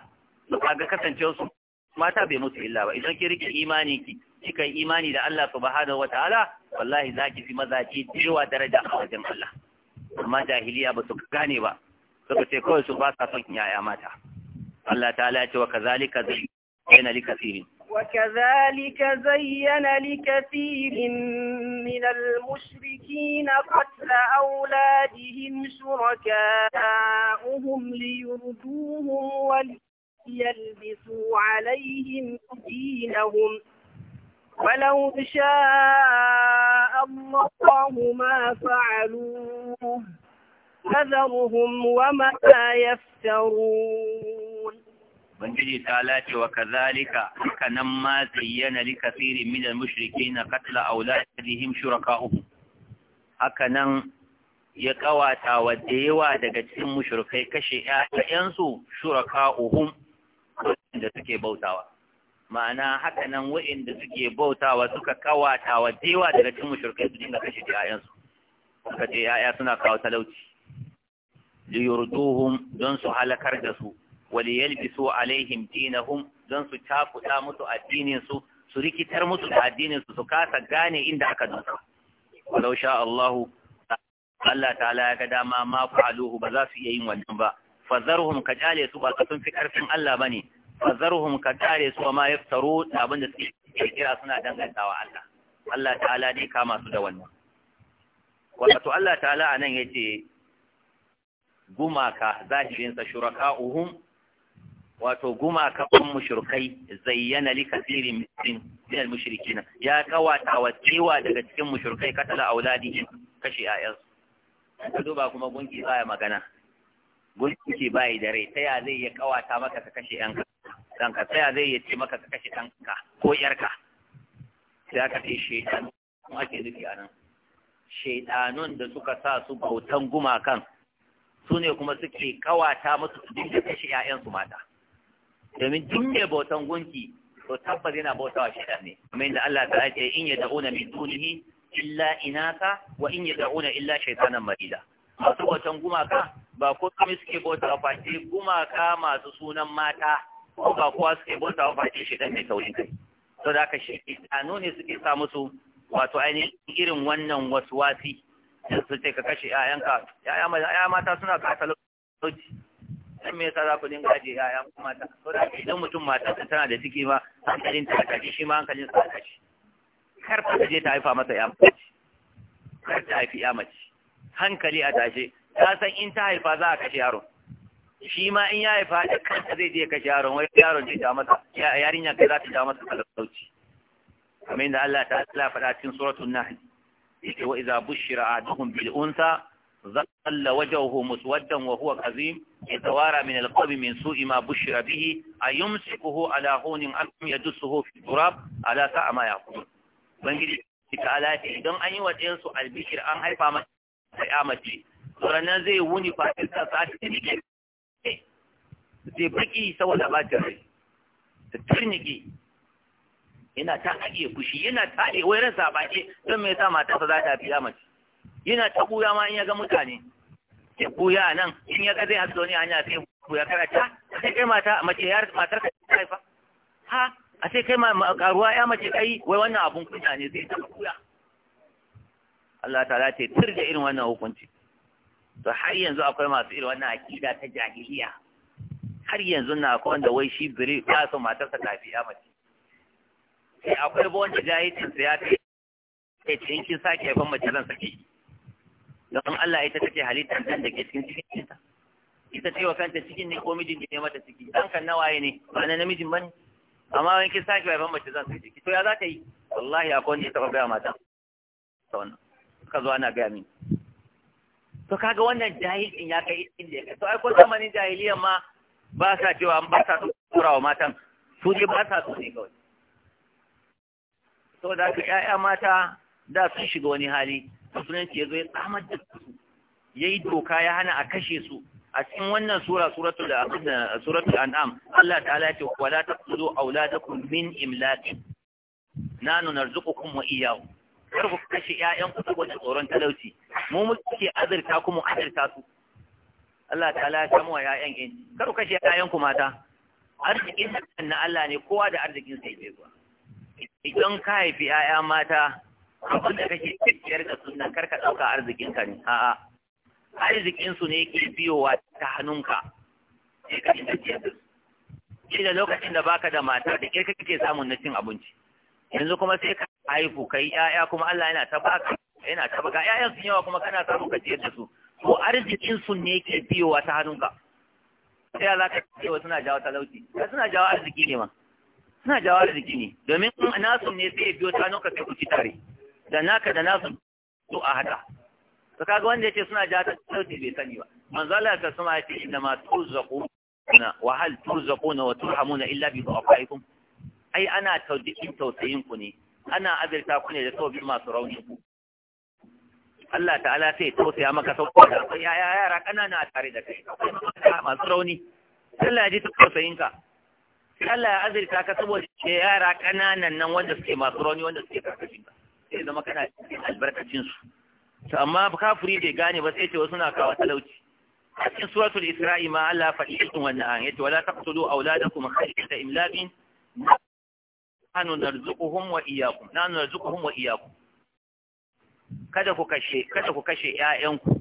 kaga kasance su mata bai mutu illa ba idan ki rike imani ki kika imani da Allah subhanahu ala, wallahi zaki fi maza ki cewa daraja a wajen Allah amma jahiliya ba su gane ba suka ce kawai su ba sa son yaya mata Allah ta'ala ya ce wa kazalika zayyana likasirin وكذلك زين لكثير من المشركين قتل أولادهم شركاءهم ليردوهم وليلبسوا عليهم دينهم ولو شاء الله ما فعلوه فذرهم وما يفترون ubangiji ta lace wa kazalika haka nan ma zayyana li kasirin min al-mushrikin qatla awladihim shuraka'uhum haka nan ya kawata wa da yawa daga cikin mushrikai kashe ƴaƴansu shuraka'uhum da suke bautawa ma'ana haka nan wa'inda suke bautawa suka kawata wa da yawa daga cikin mushrikai su dinga kashe 'ya'yansu. suka ce ƴaƴa suna kawo talauci liyurduhum don su halakar da su waliyalbisu dina dinahum don su takuda musu addinin su rikitar musu da su kasa gane inda aka dosa walau sha Allahu Allah ta'ala ya ga dama ma fa'aluhu ba za su iya yin wannan ba fazarhum ka jale su ba ka fi karfin Allah bane fazarhum ka jale su ma yaftaru da abin da suke kira suna dangantawa Allah Allah ta'ala wannan wato Allah ta'ala anan yace gumaka zahirinsa shuraka'uhum wato gumakaban mushrikai zayyana li kathirin min al mushrikin ya kawata wa daga cikin mushrikai katala auladi kashi ayyan ka duba kuma gunki baya magana gunki bai da rai taya zai ya kawata maka ka kashe yanka ka taya zai ya ce maka ka kashe danka ko yarka sai aka ce shaytan kuma ke nufi anan shaytanun da suka sa su bautan gumakan su ne kuma suke kawata musu su dinga kashe 'ya'yansu mata domin duk mai bautan gunki to tabbas yana bautawa shaitan ne kamar yadda Allah ta ce in da'una min dunihi illa inaka wa in da'una illa shaytanan marida masu bautan gumaka ba ko kuma suke bauta wa face gumaka masu sunan mata ko ba kowa suke bauta wa face shaitan mai taurin kai to da haka shaitanu ne suke sa musu wato ainihin irin wannan waswasi su ce ka kashe 'ya'yanka 'ya'ya mata suna katalauci dan me yasa za ku dinga aje yaya mata to da idan mutum mata tana da ciki ma hankalin ta tashi shi ma hankalin sa tashi kar fa je ta haifa masa ya mace kar ta haifi ya mace hankali a tashi ta san in ta haifa za a kashe yaron shi ma in ya haifa da kanta zai je kashe yaron wai yaron zai ta masa yarinya kai za ta ta masa talauci kamar inda Allah ta Allah faɗa cikin suratul nahl yace wa idza bushira ahaduhum bil unsa zalla wajahu muswaddan wa huwa kazim yatawara min al-qab min su'i ma bushira bihi ayumsikuhu ala hunin am yadusuhu fi turab ala sa'a ma yaqul bangiji ta'ala idan an yi wa ɗayan su albishir an haifa ma sai amace sannan zai wuni fa ta sa'a ne zai baki saboda bajin rai ta turniki yana ta ake kushi, yana ta ake wayar sa baki don me yasa mata ta za ta biya amace yana ta buya ma in ya ga mutane ya buya nan in ya ga zai hasu wani hanya sai buya karata sai kai mata mace yar matar ka ta haifa ha a sai kai ma karuwa ya mace kai wai wannan abun kunya ne zai ta buya Allah ta'ala ce tir da irin wannan hukunci to har yanzu akwai masu irin wannan akida ta jahiliya har yanzu na akwai wanda wai shi biri ba su matarsa ka ya mace sai akwai ba wanda jahilcin sa ya ta ce eh, in cikin sake ban mace zan sake don Allah ita take halitta nan da ke cikin cikinta ita ce wa kanta cikin ne ko mijin ne mata ciki dan kan nawaye ne ba namijin bane amma wani kin saki bai mace zan sai ki to ya za ta yi wallahi akwai wanda ya ta gaya mata to wannan Ka zo ana gaya min to kaga wannan jahilin ya kai inda ya kai to ai ko zamanin jahiliyan ma ba sa cewa an ba sa su wa matan su ne ba sa su ne kawai da haka ƴaƴa mata da su shiga wani hali musulunci ya zo ya tsamar da su ya yi doka ya hana a kashe su a cikin wannan sura suratul an'am Allah ta'ala ya ce wala taqtulu auladakum min imlaq nanu narzuqukum wa iyyahum kar ku kashe ƴaƴan ku saboda tsoron talauci mu muke azurta ku mu azurta su Allah ta'ala ya samu wa ƴaƴan in kar ku kashe ƴaƴan ku mata arzikin nan na Allah ne kowa da arzikin sa yake zuwa idan ka haifi ƴaƴa mata abin da kake kiyar da sunna kar ka dauka arzikin ka ne a'a arzikin su ne yake biyowa ta hannunka sai ka inda ke da shi da lokacin da baka da mata da kirka kake samun na cin abinci yanzu kuma sai ka haifu kai yaya kuma Allah yana ta baka yana ta baka yayan sun yawa kuma kana samu ka ciyar da su to arzikin su ne yake biyowa ta hannunka sai Allah ka ce wa suna jawo talauci suna jawo arziki ne ma suna jawo arziki ne domin nasu ne sai biyo ta hannunka sai ku ci tare da naka da nasu to a haɗa. to kaga wanda yake suna jata sauti bai sani ba manzala ta sama yace inna ma turzaquna wa hal turzaquna wa turhamuna illa bi du'afaikum ai ana taudikin tausayin ku ne ana azirta ku ne da sauki masu rauni ku Allah ta'ala sai tausaya maka sauko da ya yaya yara ƙanana a tare da kai masu rauni Allah ya ji tausayin ka Allah ya azirta ka saboda yara kananan nan wanda suke masu rauni wanda suke karkashin ka sai zama kana albarkacin su to amma kafiri bai gane ba sai ce wasu na kawo talauci a cikin suratul isra'i ma Allah faɗi irin wannan an yace wala taqtulu auladakum khashyata imlaqin nahnu narzuquhum wa iyyakum nahnu narzuquhum wa iyyakum kada ku kashe kada ku kashe ƴaƴanku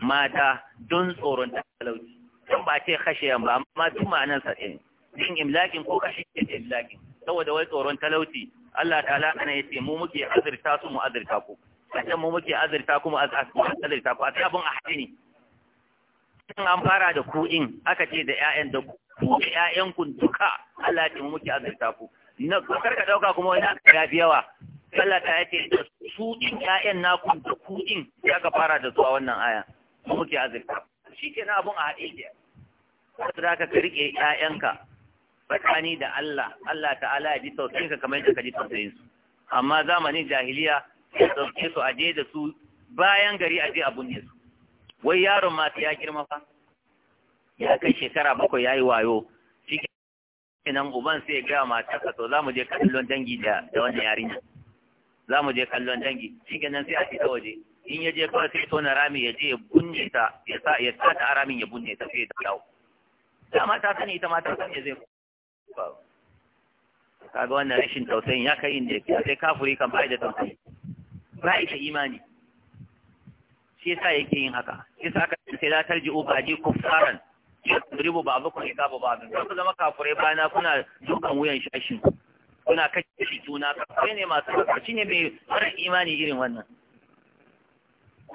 mata don tsoron talauci dan ba ce kashe ba amma duk ma'anar sa ɗin din imlaqin ko kashe imlaqin saboda wai tsoron talauci Allah ta'ala ana yace mu muke azurta su mu azurta ku sannan mu muke azurta ku mu azurta ku a abin a haɗe ne In an fara da ku in aka ce da ƴaƴan da ku da ƴaƴan ku duka Allah ya mu muke azurta ku na kar ka dauka kuma wani aka ya fi yawa Allah ta yace da su in ƴaƴan naku da ku in ya ka fara da su a wannan aya mu muke azurta ku na abun a haɗe ke saboda ka rike ƴaƴanka tsakani da Allah Allah ta'ala ya ji tausayin ka kamar yadda ka ji tausayin su amma zamanin jahiliya ya dauke su aje da su bayan gari aje a bunne su wai yaron ma ya girma fa ya kai shekara bakwai yayi wayo Cikin nan uban sai ya ga matarsa to za mu je kallon dangi da da wannan yarinya za mu je kallon dangi cikin nan sai a fita waje in ya je kawai sai tona rami ya je ya bunne ta ya sa ya sa ta aramin ya bunne ta sai ya dawo dama ta sani ita ma ta sani zai kaga wannan rashin tausayin ya kai inda ya sai kafuri kan ba da tausayi ba ita imani shi yasa yake yin haka shi yasa aka sai la tarji'u ba'di kuffaran yadribu ba'dukum iqaba ba'd ku zama kafurai bana kuna dukan wuyan shashin kuna kashe juna kafurai ne masu kafaci ne mai fara imani irin wannan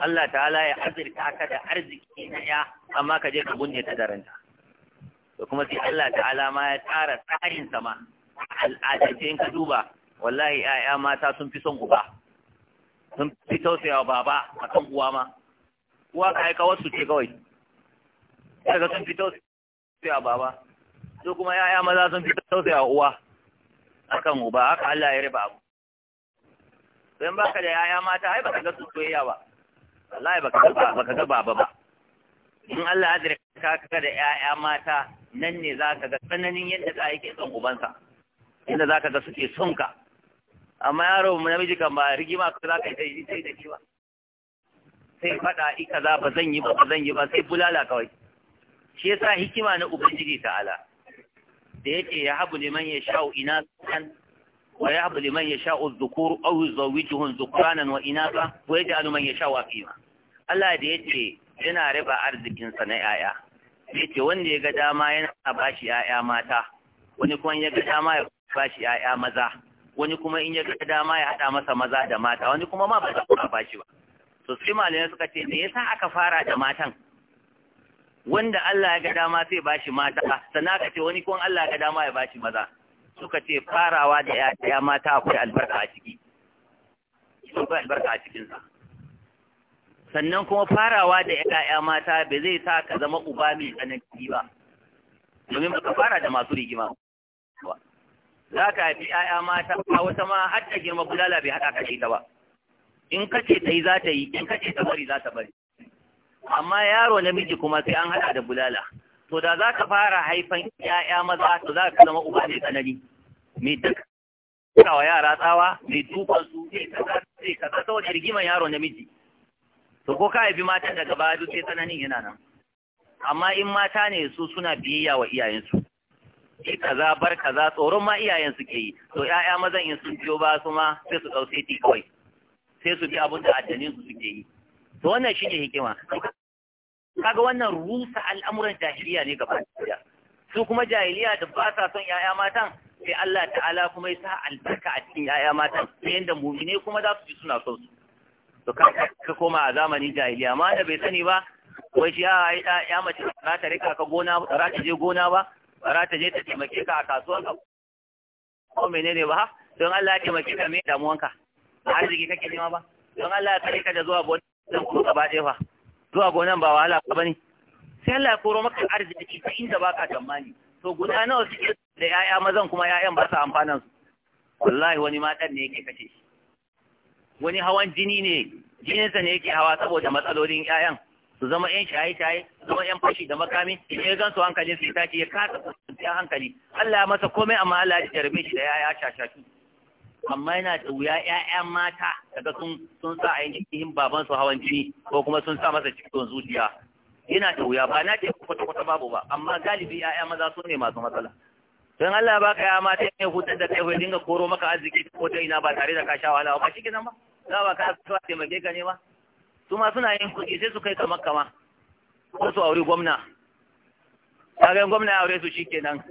Allah ta'ala ya azirta ka da arziki na ya amma ka je ka bunne ta daranta to kuma sai Allah ta'ala ma ya tsara tsarin sama al'adance in ka duba wallahi ƴaƴa mata sun fi son uba sun fi wa baba akan uwa ma uwa ka aika wasu ce kawai daga sun fi wa baba su kuma ƴaƴa maza sun fi wa uwa A akan uba haka Allah ya riba abu don baka da yaya mata ai baka ga su soyayya ba wallahi baka ga baka ga baba ba in Allah ya dirka ka da yaya mata nan ne za ka ga tsananin yadda yi ke son ubansa inda za ka ga suke son ka amma yaro mu namiji kan ba rigima ka za ka yi kai sai da shi ba sai faɗa ika za ba zan yi ba ba zan yi ba sai bulala kawai shi yasa hikima na ubangiji ta'ala da yake ya habu liman ya sha'u ina san wa ya habu liman ya sha'u zukuru, aw yuzawwijuhum dhukranan wa inatha wa yaj'alu man yasha'u aqima Allah da yake yana riba arzikin sa na yaya sai ce wanda ya ga dama yana ba shi ‘ya'ya mata wani kuma ya ga dama ya ba shi ‘ya'ya maza wani kuma in ya ga dama ya haɗa masa maza da mata wani kuma ma ba za a ba shi ba to sai malamai suka ce me yasa aka fara da matan wanda Allah ya ga dama sai ba shi mata sannan aka ce wani kuma Allah ya ga dama ya ba shi maza suka ce farawa da ‘ya'ya mata akwai albarka a ciki akwai albarka a cikinsa sannan kuma farawa da ‘ya'ya mata ba zai sa ka zama uba mai tsananci ba, domin baka fara da masu rigima Za ka haifi ‘ya'ya mata a wata ma har ta girma bulala bai haɗa kashe ta ba. In ka ce ta yi za ta yi, in ka ce ta bari za ta bari. Amma yaro namiji kuma sai an haɗa da bulala. To da za ka fara haifan ‘ya'ya maza to za ka zama uba mai tsanani. Mai duk wa yara tsawa, mai dukansu, mai kaza, mai kaza, saboda rigimar yaro namiji. to ko ka haifi matan daga baya duk sai tsananin yana nan amma in mata ne su suna biyayya wa iyayensu ki kaza bar kaza tsoron ma iyayen suke yi to ƴaƴa mazan in sun biyo ba su ma sai su ɗau saiti kawai sai su bi abin da addanin su suke yi to wannan shine hikima kaga wannan rusa al'amuran jahiliya ne gaba ɗaya su kuma jahiliya da ba sa son ƴaƴa matan sai Allah ta'ala kuma ya sa albarka a cikin ƴaƴa matan sai yanda mu'mine kuma za su ji suna son su to ka koma a zamani jahiliya amma da bai sani ba wai shi ya ya mace za ta rika ka gona ba za ta je gona ba za ta je ta taimake ka a kasuwar ka ko menene ba don Allah ya taimake ka me damuwanka arziki kake nema ba don Allah ya kare ka da zuwa gonan ko gaba ɗaya fa zuwa gonan ba wahala ba ne sai Allah ya koro maka arziki ta inda ba ka tsammani to guda nawa suke da 'ya'ya mazan kuma 'ya'yan ba su amfanan su wallahi wani ma ne yake kace shi wani hawan jini ne jininsa ne yake hawa saboda matsalolin 'ya'yan su zama 'yan shaye-shaye su zama 'yan fashi da makami idan ya gansu hankalin su ta ya kasa kwanciyar hankali Allah ya masa komai amma Allah ya jarbe shi da 'ya'ya shashaki amma yana da wuya 'ya'ya mata daga sun sun sa ainihin baban su hawan jini ko kuma sun sa masa cikin zuciya yana da wuya ba na ce kwata-kwata babu ba amma galibi 'ya'yan maza su ne masu matsala don Allah ba ka ya mata ne hutar da kai dinga koro maka arziki ko ta ina ba tare da ka sha wahala ba shi kenan ba za ba ka asuwa taimake ka ne ba su ma suna yin kuɗi sai su kai ka makka ma ko su auri gwamna kagan gwamna ya aure su shi kenan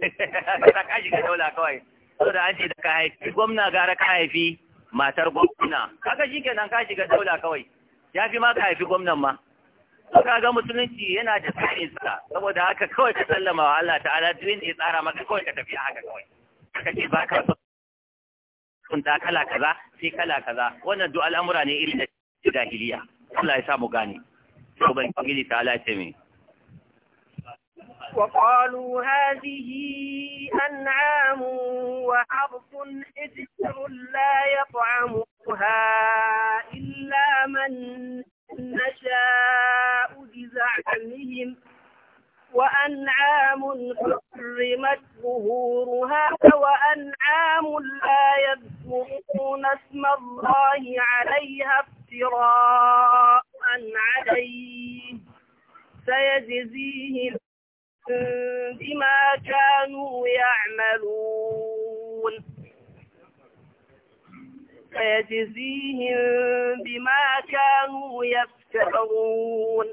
ka kashi ka daula kawai so da an ce da ka haifi gwamna gara ka haifi matar gwamna kaga shi kenan ka shiga daula kawai ya fi ma ka haifi gwamnan ma kaga musulunci yana da tsari sa saboda haka kawai ka sallama wa Allah ta'ala duk inda ya tsara maka kawai ka tafi haka kawai ka ce ba ka so tsunta kala kaza sai kala kaza wannan duk al'amura ne irin da jahiliya Allah ya samu gane to ban gidi ta Allah ce me وقالوا هذه أنعام وحرف حجر لا يطعمها إلا من نشاء بزعمهم وأنعام حرمت ظهورها وأنعام لا يذكرون اسم الله عليها افتراء عليه سيجزيهم بما كانوا يعملون سيجزيهم بما كانوا يفترون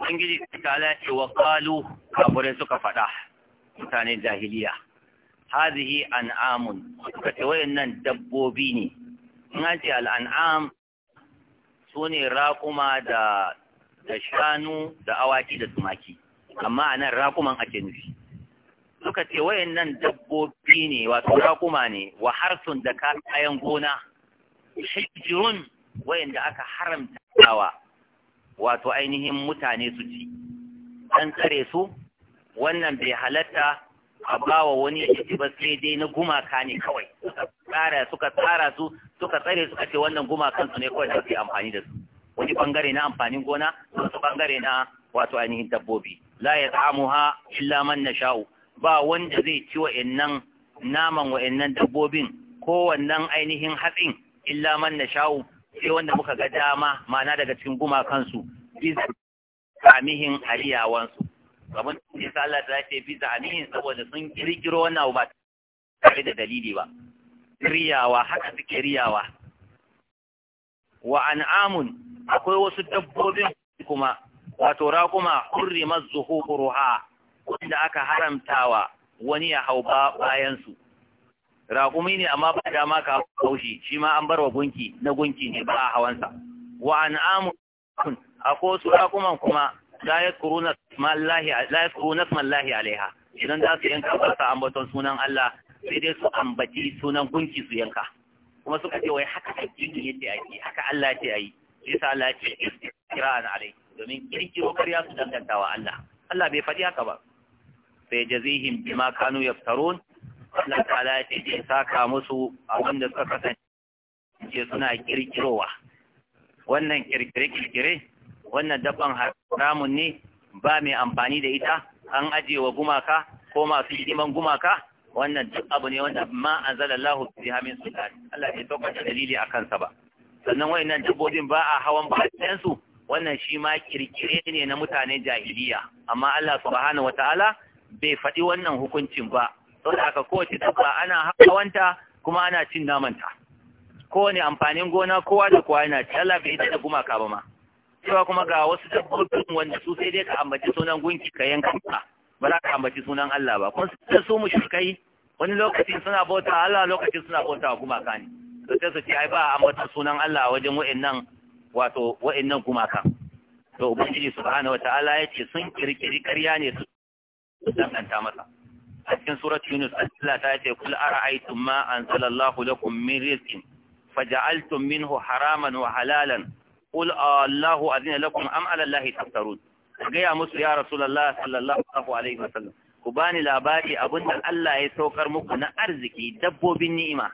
ubangiji ta lafi wa qalu kafirai suka faɗa mutane jahiliya hazihi an'amun suka ce wayannan dabbobi ne in an ce al'an'am ne raƙuma da da shanu da awaki da tumaki amma a nan raƙuman ake nufi suka ce wayannan dabbobi ne wato raƙuma ne wa harsun da kayan gona shajirun wayanda aka haramta wato ainihin mutane su ci an tsare su wannan bai halatta a bawa wani ya ci ba sai dai na gumaka ne kawai tsara suka tsara su suka tsare suka ce wannan gumakan su ne kawai da su amfani da su wani bangare na amfanin gona wasu bangare na wato ainihin dabbobi la ya ha illa man na sha'u ba wanda zai ci wa'annan naman wa'annan dabbobin ko wannan ainihin hatsin illa man na sha'u sai wanda muka ga dama mana daga cikin gumakansu biza amihin aliyawansu abin da ya sa Allah ta ce a mihin saboda sun kirkiro wannan abu ba tare da dalili ba riyawa haka suke riyawa wa an'amun akwai wasu dabbobin kuma wato raƙuma hurrimat zuhuruha wanda aka haramtawa wani ya hau bayansu raƙumi ne amma ba dama ka haushi shi ma an barwa gunki na gunki ne ba a hawansa wa an amu akwai su raƙuman kuma la ya kuru na smallahi alaiha idan za su yanka ba su ambaton sunan Allah sai dai su ambaci sunan gunki su yanka kuma suka ce wai haka aiki ne yake yi haka Allah ce a yi sai sa Allah ce kira ana alai domin kirkiro karya su dangantawa Allah Allah bai faɗi haka ba sai jazihim bima kanu yaftarun Allah ta'ala ya ce zai saka musu abin da suka kasance suna kirkirowa wannan kirkire-kirkire wannan dabban haramun ne ba mai amfani da ita an ajiye wa gumaka ko masu hidiman gumaka wannan duk abu ne wanda ma an zala Allah bi hamin sultan Allah bai tsoka da dalili a kansa ba sannan wayannan dabbobin ba a hawan bayan su wannan shi ma kirkire ne na mutane jahiliya amma Allah subhanahu wataala bai faɗi wannan hukuncin ba saboda aka kowace dabba ana hawanta kuma ana cin namanta kowane amfanin gona kowa da kowa yana ci Allah bai da gumaka ba ma cewa kuma ga wasu dabbobin wanda su sai dai ka ambaci sunan gunki ka yanka ba ba za ka ambaci sunan Allah ba kun san su mushrikai wani lokaci suna bauta Allah lokacin suna bauta gumaka ne to sai su ce ai ba ambata sunan Allah a wajen wa'annan wato wa'annan gumaka to ubangiji subhanahu wataala yace sun kirkiri ƙarya ne su danganta masa a cikin surat Yunus Allah ta ce kul ara'aytum ma anzalallahu lakum min rizqin faja'altum minhu haraman wa halalan qul Allahu azina lakum am ala Allahi taftarun gaya musu ya rasulullah sallallahu alaihi wasallam ku bani labari abinda Allah ya saukar muku na arziki dabbobin ni'ima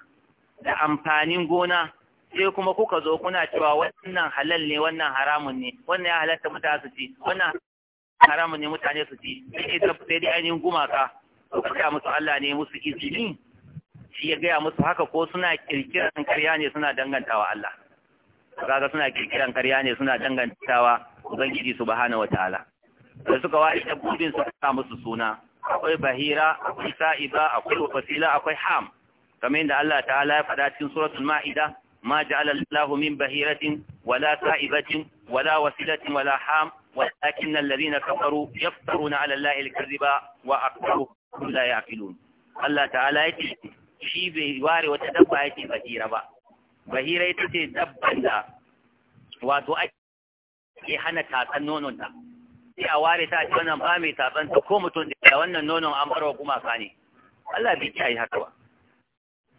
da amfanin gona sai kuma kuka zo kuna cewa wannan halal ne wannan haramun ne wannan ya halatta mutane su ci wannan haramun ne mutane su ci sai dai ainihin gumaka to ka gaya musu Allah ne musu izini shi ya gaya musu haka ko suna kirkiran karya ne suna dangantawa Allah kaga suna kirkiran karya ne suna dangantawa ubangiji subhanahu wataala da suka wari dabbobin su ka musu suna akwai bahira akwai sa'iba akwai wasila akwai ham kamar yadda Allah ta'ala ya faɗa cikin suratul ma'ida ما جعل الله من بهيرة ولا سائبة ولا وسيلة ولا حام ولكن الذين كفروا يفترون على الله الكذب وأكثرهم la filo. Allah ta'ala ya ce shi bai ware wata dabba yace bahira ba bahira ita ce dabban da wato ake hana tatsan nonon ta sai a ware ta ce wannan ba mai tatsan ta ko mutum da wannan nonon an barwa gumaka ne Allah bai kiyaye haka ba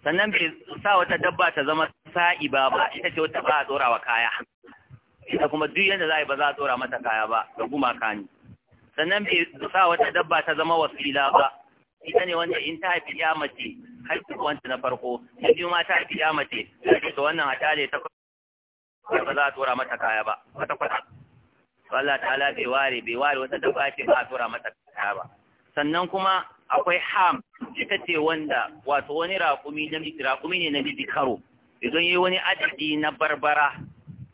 sannan bai sa wata dabba ta zama sa'iba ba ita ce wata ba a tsora wa kaya ita kuma duk yadda za a yi ba za a tsora mata kaya ba da gumaka ne sannan bai sa wata dabba ta zama wasila ba ita ne wanda in ta haifi ya mace wanta na farko in biyu ma ta haifi ya mace ce ta wannan hata ne ta ba za a tura mata kaya ba kwata kwata Allah ta'ala bai ware bai ware wata dabba ce ba a tura mata kaya ba sannan kuma akwai ham ita ce wanda wato wani raƙumi na raƙumi ne na bibi karo idan yi wani adadi na barbara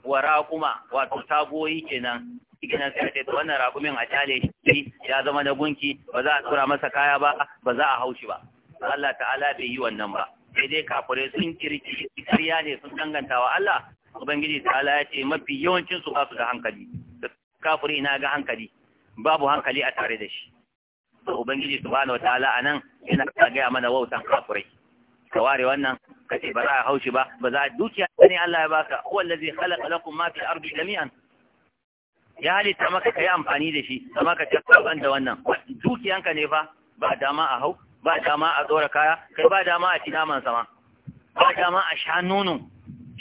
wa raƙuma wato tagoyi kenan cikin nan sai ce wannan ragumin a kyale shi ya zama na gunki ba za a tura masa kaya ba ba za a haushi ba Allah ta'ala bai yi wannan ba sai dai kafure sun kirki kariya ne sun danganta wa Allah ubangiji ta'ala ya ce mafi yawancin su ba su da hankali kafure na ga hankali babu hankali a tare da shi to ubangiji subhanahu wataala anan yana gaya mana wautan kafure ka ware wannan ka ce ba za a haushi ba ba za a dukiya ne Allah ya baka huwa allazi khalaqa lakum ma fil ardi jami'an ya halitta maka kai amfani da shi amma ka tafi ban da wannan dukiyanka ne fa ba dama a hau ba dama a tsora kaya kai ba dama a ci naman sama ba dama a sha nono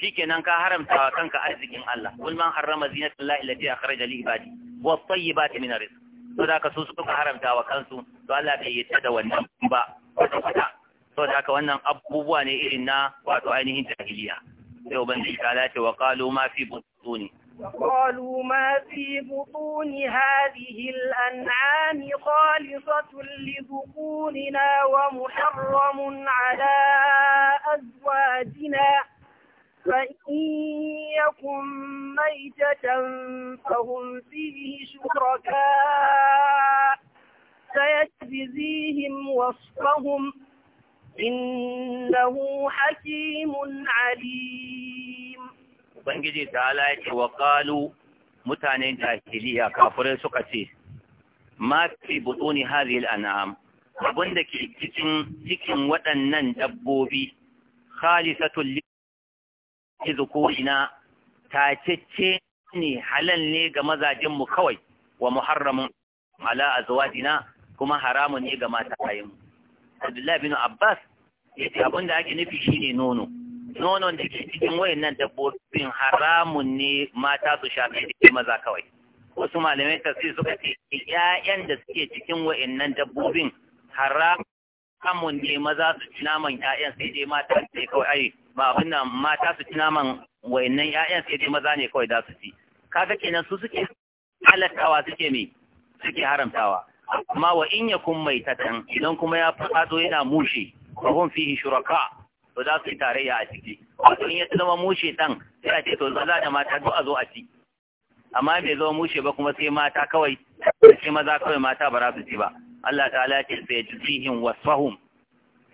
shikenan ka haramta wa kanka arzikin Allah kul man harrama zinatul lahi allati akhraja li ibadi wat tayyibati min rizq to da ka su suka haramta wa kansu to Allah bai yi da wannan ba kwata to da ka wannan abubuwa ne irin na wato ainihin jahiliya sai ubangiji ta lace wa qalu ma fi butuni وقالوا ما في بطون هذه الأنعام خالصة لبقوننا ومحرم على أزواجنا فإن يكن ميتة فهم فيه شركاء سيجزيهم وصفهم إنه حكيم عليم ubangiji ta ala ya ce wa ƙalu mutanen jahiliya kafirai suka ce ma fi butuni hadhihi al-an'am abinda ke cikin cikin waɗannan dabbobi khalisatul ta tacece ne halal ne ga mazajinmu kawai wa muharramun ala dina kuma haramun ne ga mata mu Abdullah bin Abbas abin abinda ake nufi shine nono nonon da ke cikin wayannan dabbobin haramun ne mata su sha mai da maza kawai wasu malamai ta sai suka ce yayan da suke cikin wayannan dabbobin haramun ne maza su ci naman yayan sai dai mata ne kawai ai ba abin nan mata su ci naman wayannan yayan sai dai maza ne kawai da su ci kaga kenan su suke halattawa suke me suke haramtawa amma wa in ya mai tatan idan kuma ya fado yana mushe fa hum fihi shuraka to za su yi tarayya a ciki wato in ya zama mushe ɗan sai a ce to maza da mata duk a zo a ci amma bai zama mushe ba kuma sai mata kawai sai maza kawai mata ba za su ci ba Allah ta'ala ce sai jihim wasfahum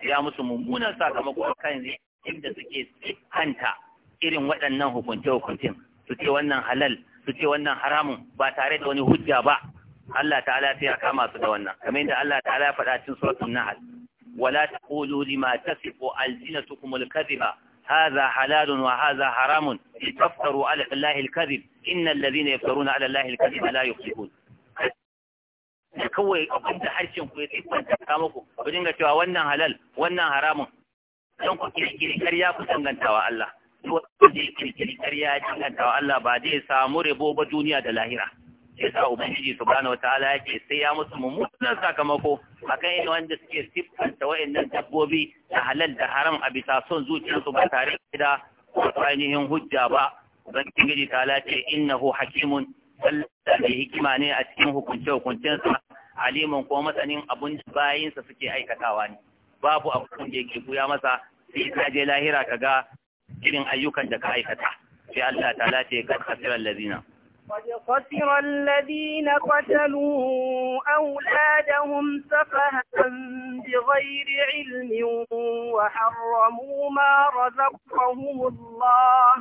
ya musu mummunan sakamako kan inda suke hanta irin waɗannan hukunce-hukuncin su ce wannan halal su ce wannan haramun ba tare da wani hujja ba Allah ta'ala sai ya kama su da wannan kamar yadda Allah ta'ala ya faɗa cikin suratul nahl ولا تقولوا لما تصف ألسنتكم الكذب هذا حلال وهذا حرام لتفتروا على الله الكذب إن الذين يفترون على الله الكذب لا يفلحون kawai abin da harshen ku ya tsibbanta ta muku ku dinga cewa wannan halal wannan haramun don ku kirkiri ƙarya ku dangantawa Allah to da kirkiri ƙarya ya dangantawa Allah ba zai samu rabo ba duniya da lahira yasa ubangiji subhanahu wataala yake sai ya musu mummunan sakamako akan yin wanda suke siffanta wa'annan dabbobi da halal da haram a bisa son zuciyarsu ba tare da ainihin hujja ba ubangiji ta lace innahu hakimun Allah mai hikima ne a cikin hukunce hukuncensa aliman ko masanin abun bayinsa suke aikatawa ne babu abun da yake buya masa sai ka je lahira kaga irin ayyukan da ka aikata sai Allah ta lace kan hasirar lazina قد خسر الذين قتلوا أولادهم سفها بغير علم وحرموا ما رزقهم الله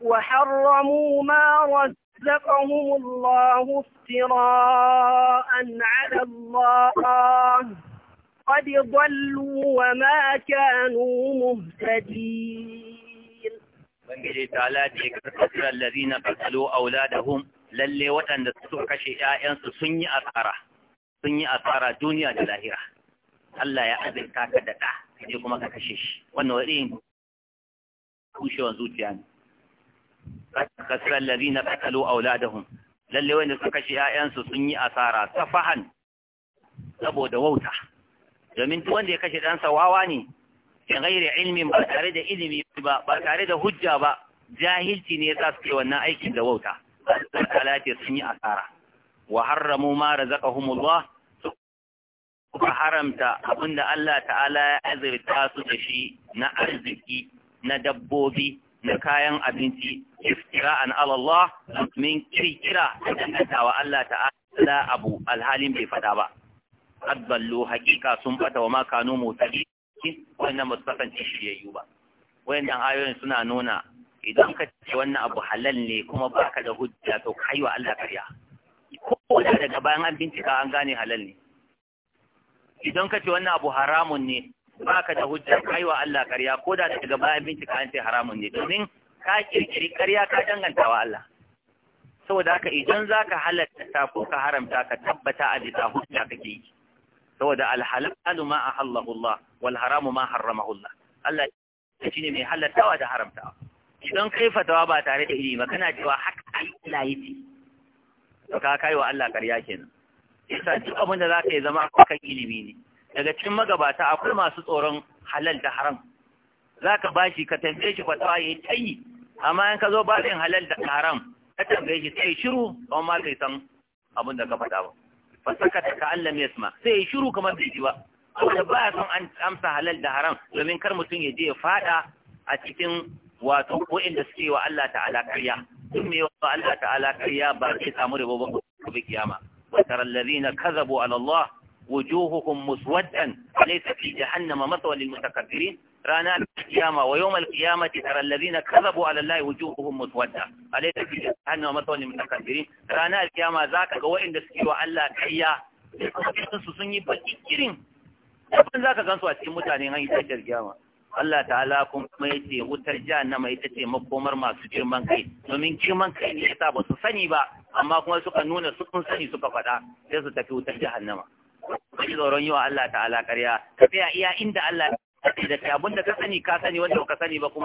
وحرموا ما رزقهم الله افتراء على الله قد ضلوا وما كانوا مهتدين ubangiji ta lace karfasirar lazina kasalo auladahum lalle waɗanda suka kashe ‘ya'yansu sun yi asara sun yi asara duniya da lahira Allah ya azurta ka daɗa ɗa kaje kuma ka kashe shi wannan wani yin kushewar zuciya ne kasirar lazina kasalo auladahum lalle wanda suka kashe ‘ya'yansu sun yi asara safahan saboda wauta domin duk wanda ya kashe ɗansa wawa ne bi ghairi ilmin ba tare da ilimi ba tare da hujja ba jahilci ne yasa suke wannan aikin da wauta Allah ce sun yi asara wa harramu ma razaqahumullah suka haramta abinda Allah ta'ala ya azurta su da shi na arziki na dabbobi na kayan abinci iftira'an ala Allah min kirkira da wa Allah ta'ala abu alhalin bai fada ba adballu hakika sun fata wa ma kanu mutaki wannan ba su kasance shiryayyu ba wayannan ayoyin suna nuna idan ka ce wannan abu halal ne kuma baka da hujja to kai wa Allah kariya ko da daga bayan an bincika an gane halal ne idan ka ce wannan abu haramun ne baka da hujja kai wa Allah kariya ko da daga bayan bincika an ce haramun ne domin ka kirkiri kariya ka danganta wa Allah saboda haka idan zaka halatta ko ka haramta ka tabbata a bisa hujja kake yi saboda alhalalu ma ahallahu Allah wal haramu ma harramahu Allah Allah ne mai halattawa da haramtawa idan kai fatawa ba tare da ilimi ba kana cewa haka Allah yake to ka kai wa Allah ƙarya kenan yasa duk abin da zaka yi zama akan ilimi ne daga cikin magabata akwai masu tsoron halal da haram zaka bashi ka tambaye shi fatawa yayi tayi amma in ka zo ba halal da haram ka tambaye shi sai shiru amma kai san abin da ka faɗa ba fa ka Allah ya sama sai ya shiru kamar bai ji ba saboda baya son an amsa halal da haram domin kar mutum ya je ya fada a cikin wato inda suke wa Allah ta'ala kariya duk mai wa Allah ta'ala kariya ba zai samu rabo ba gobe kiyama wa tara allazina kadhabu ala Allah wujuhuhum muswaddan alaysa fi jahannama mathwa lil mutakabbirin رانا القيامة ويوم القيامة ترى الذين كذبوا على الله وجوههم مسودة أليس في جهنم مثل للمتكبرين رانا القيامة ذاك وإن تسكيوا الله كيا sun yi baki irin ɗan za ka gansu a cikin mutane an yi tashar gyama Allah ta'ala kuma yace wutar jahannama ita ce makomar masu girman kai domin girman kai ne yasa ba su sani ba amma kuma suka nuna sun sani suka faɗa sai su tafi wutar jahannama kai tsoron yi wa Allah ta'ala ƙarya tafiya iya inda Allah da kai da ka sani ka sani wanda ka sani ba kuma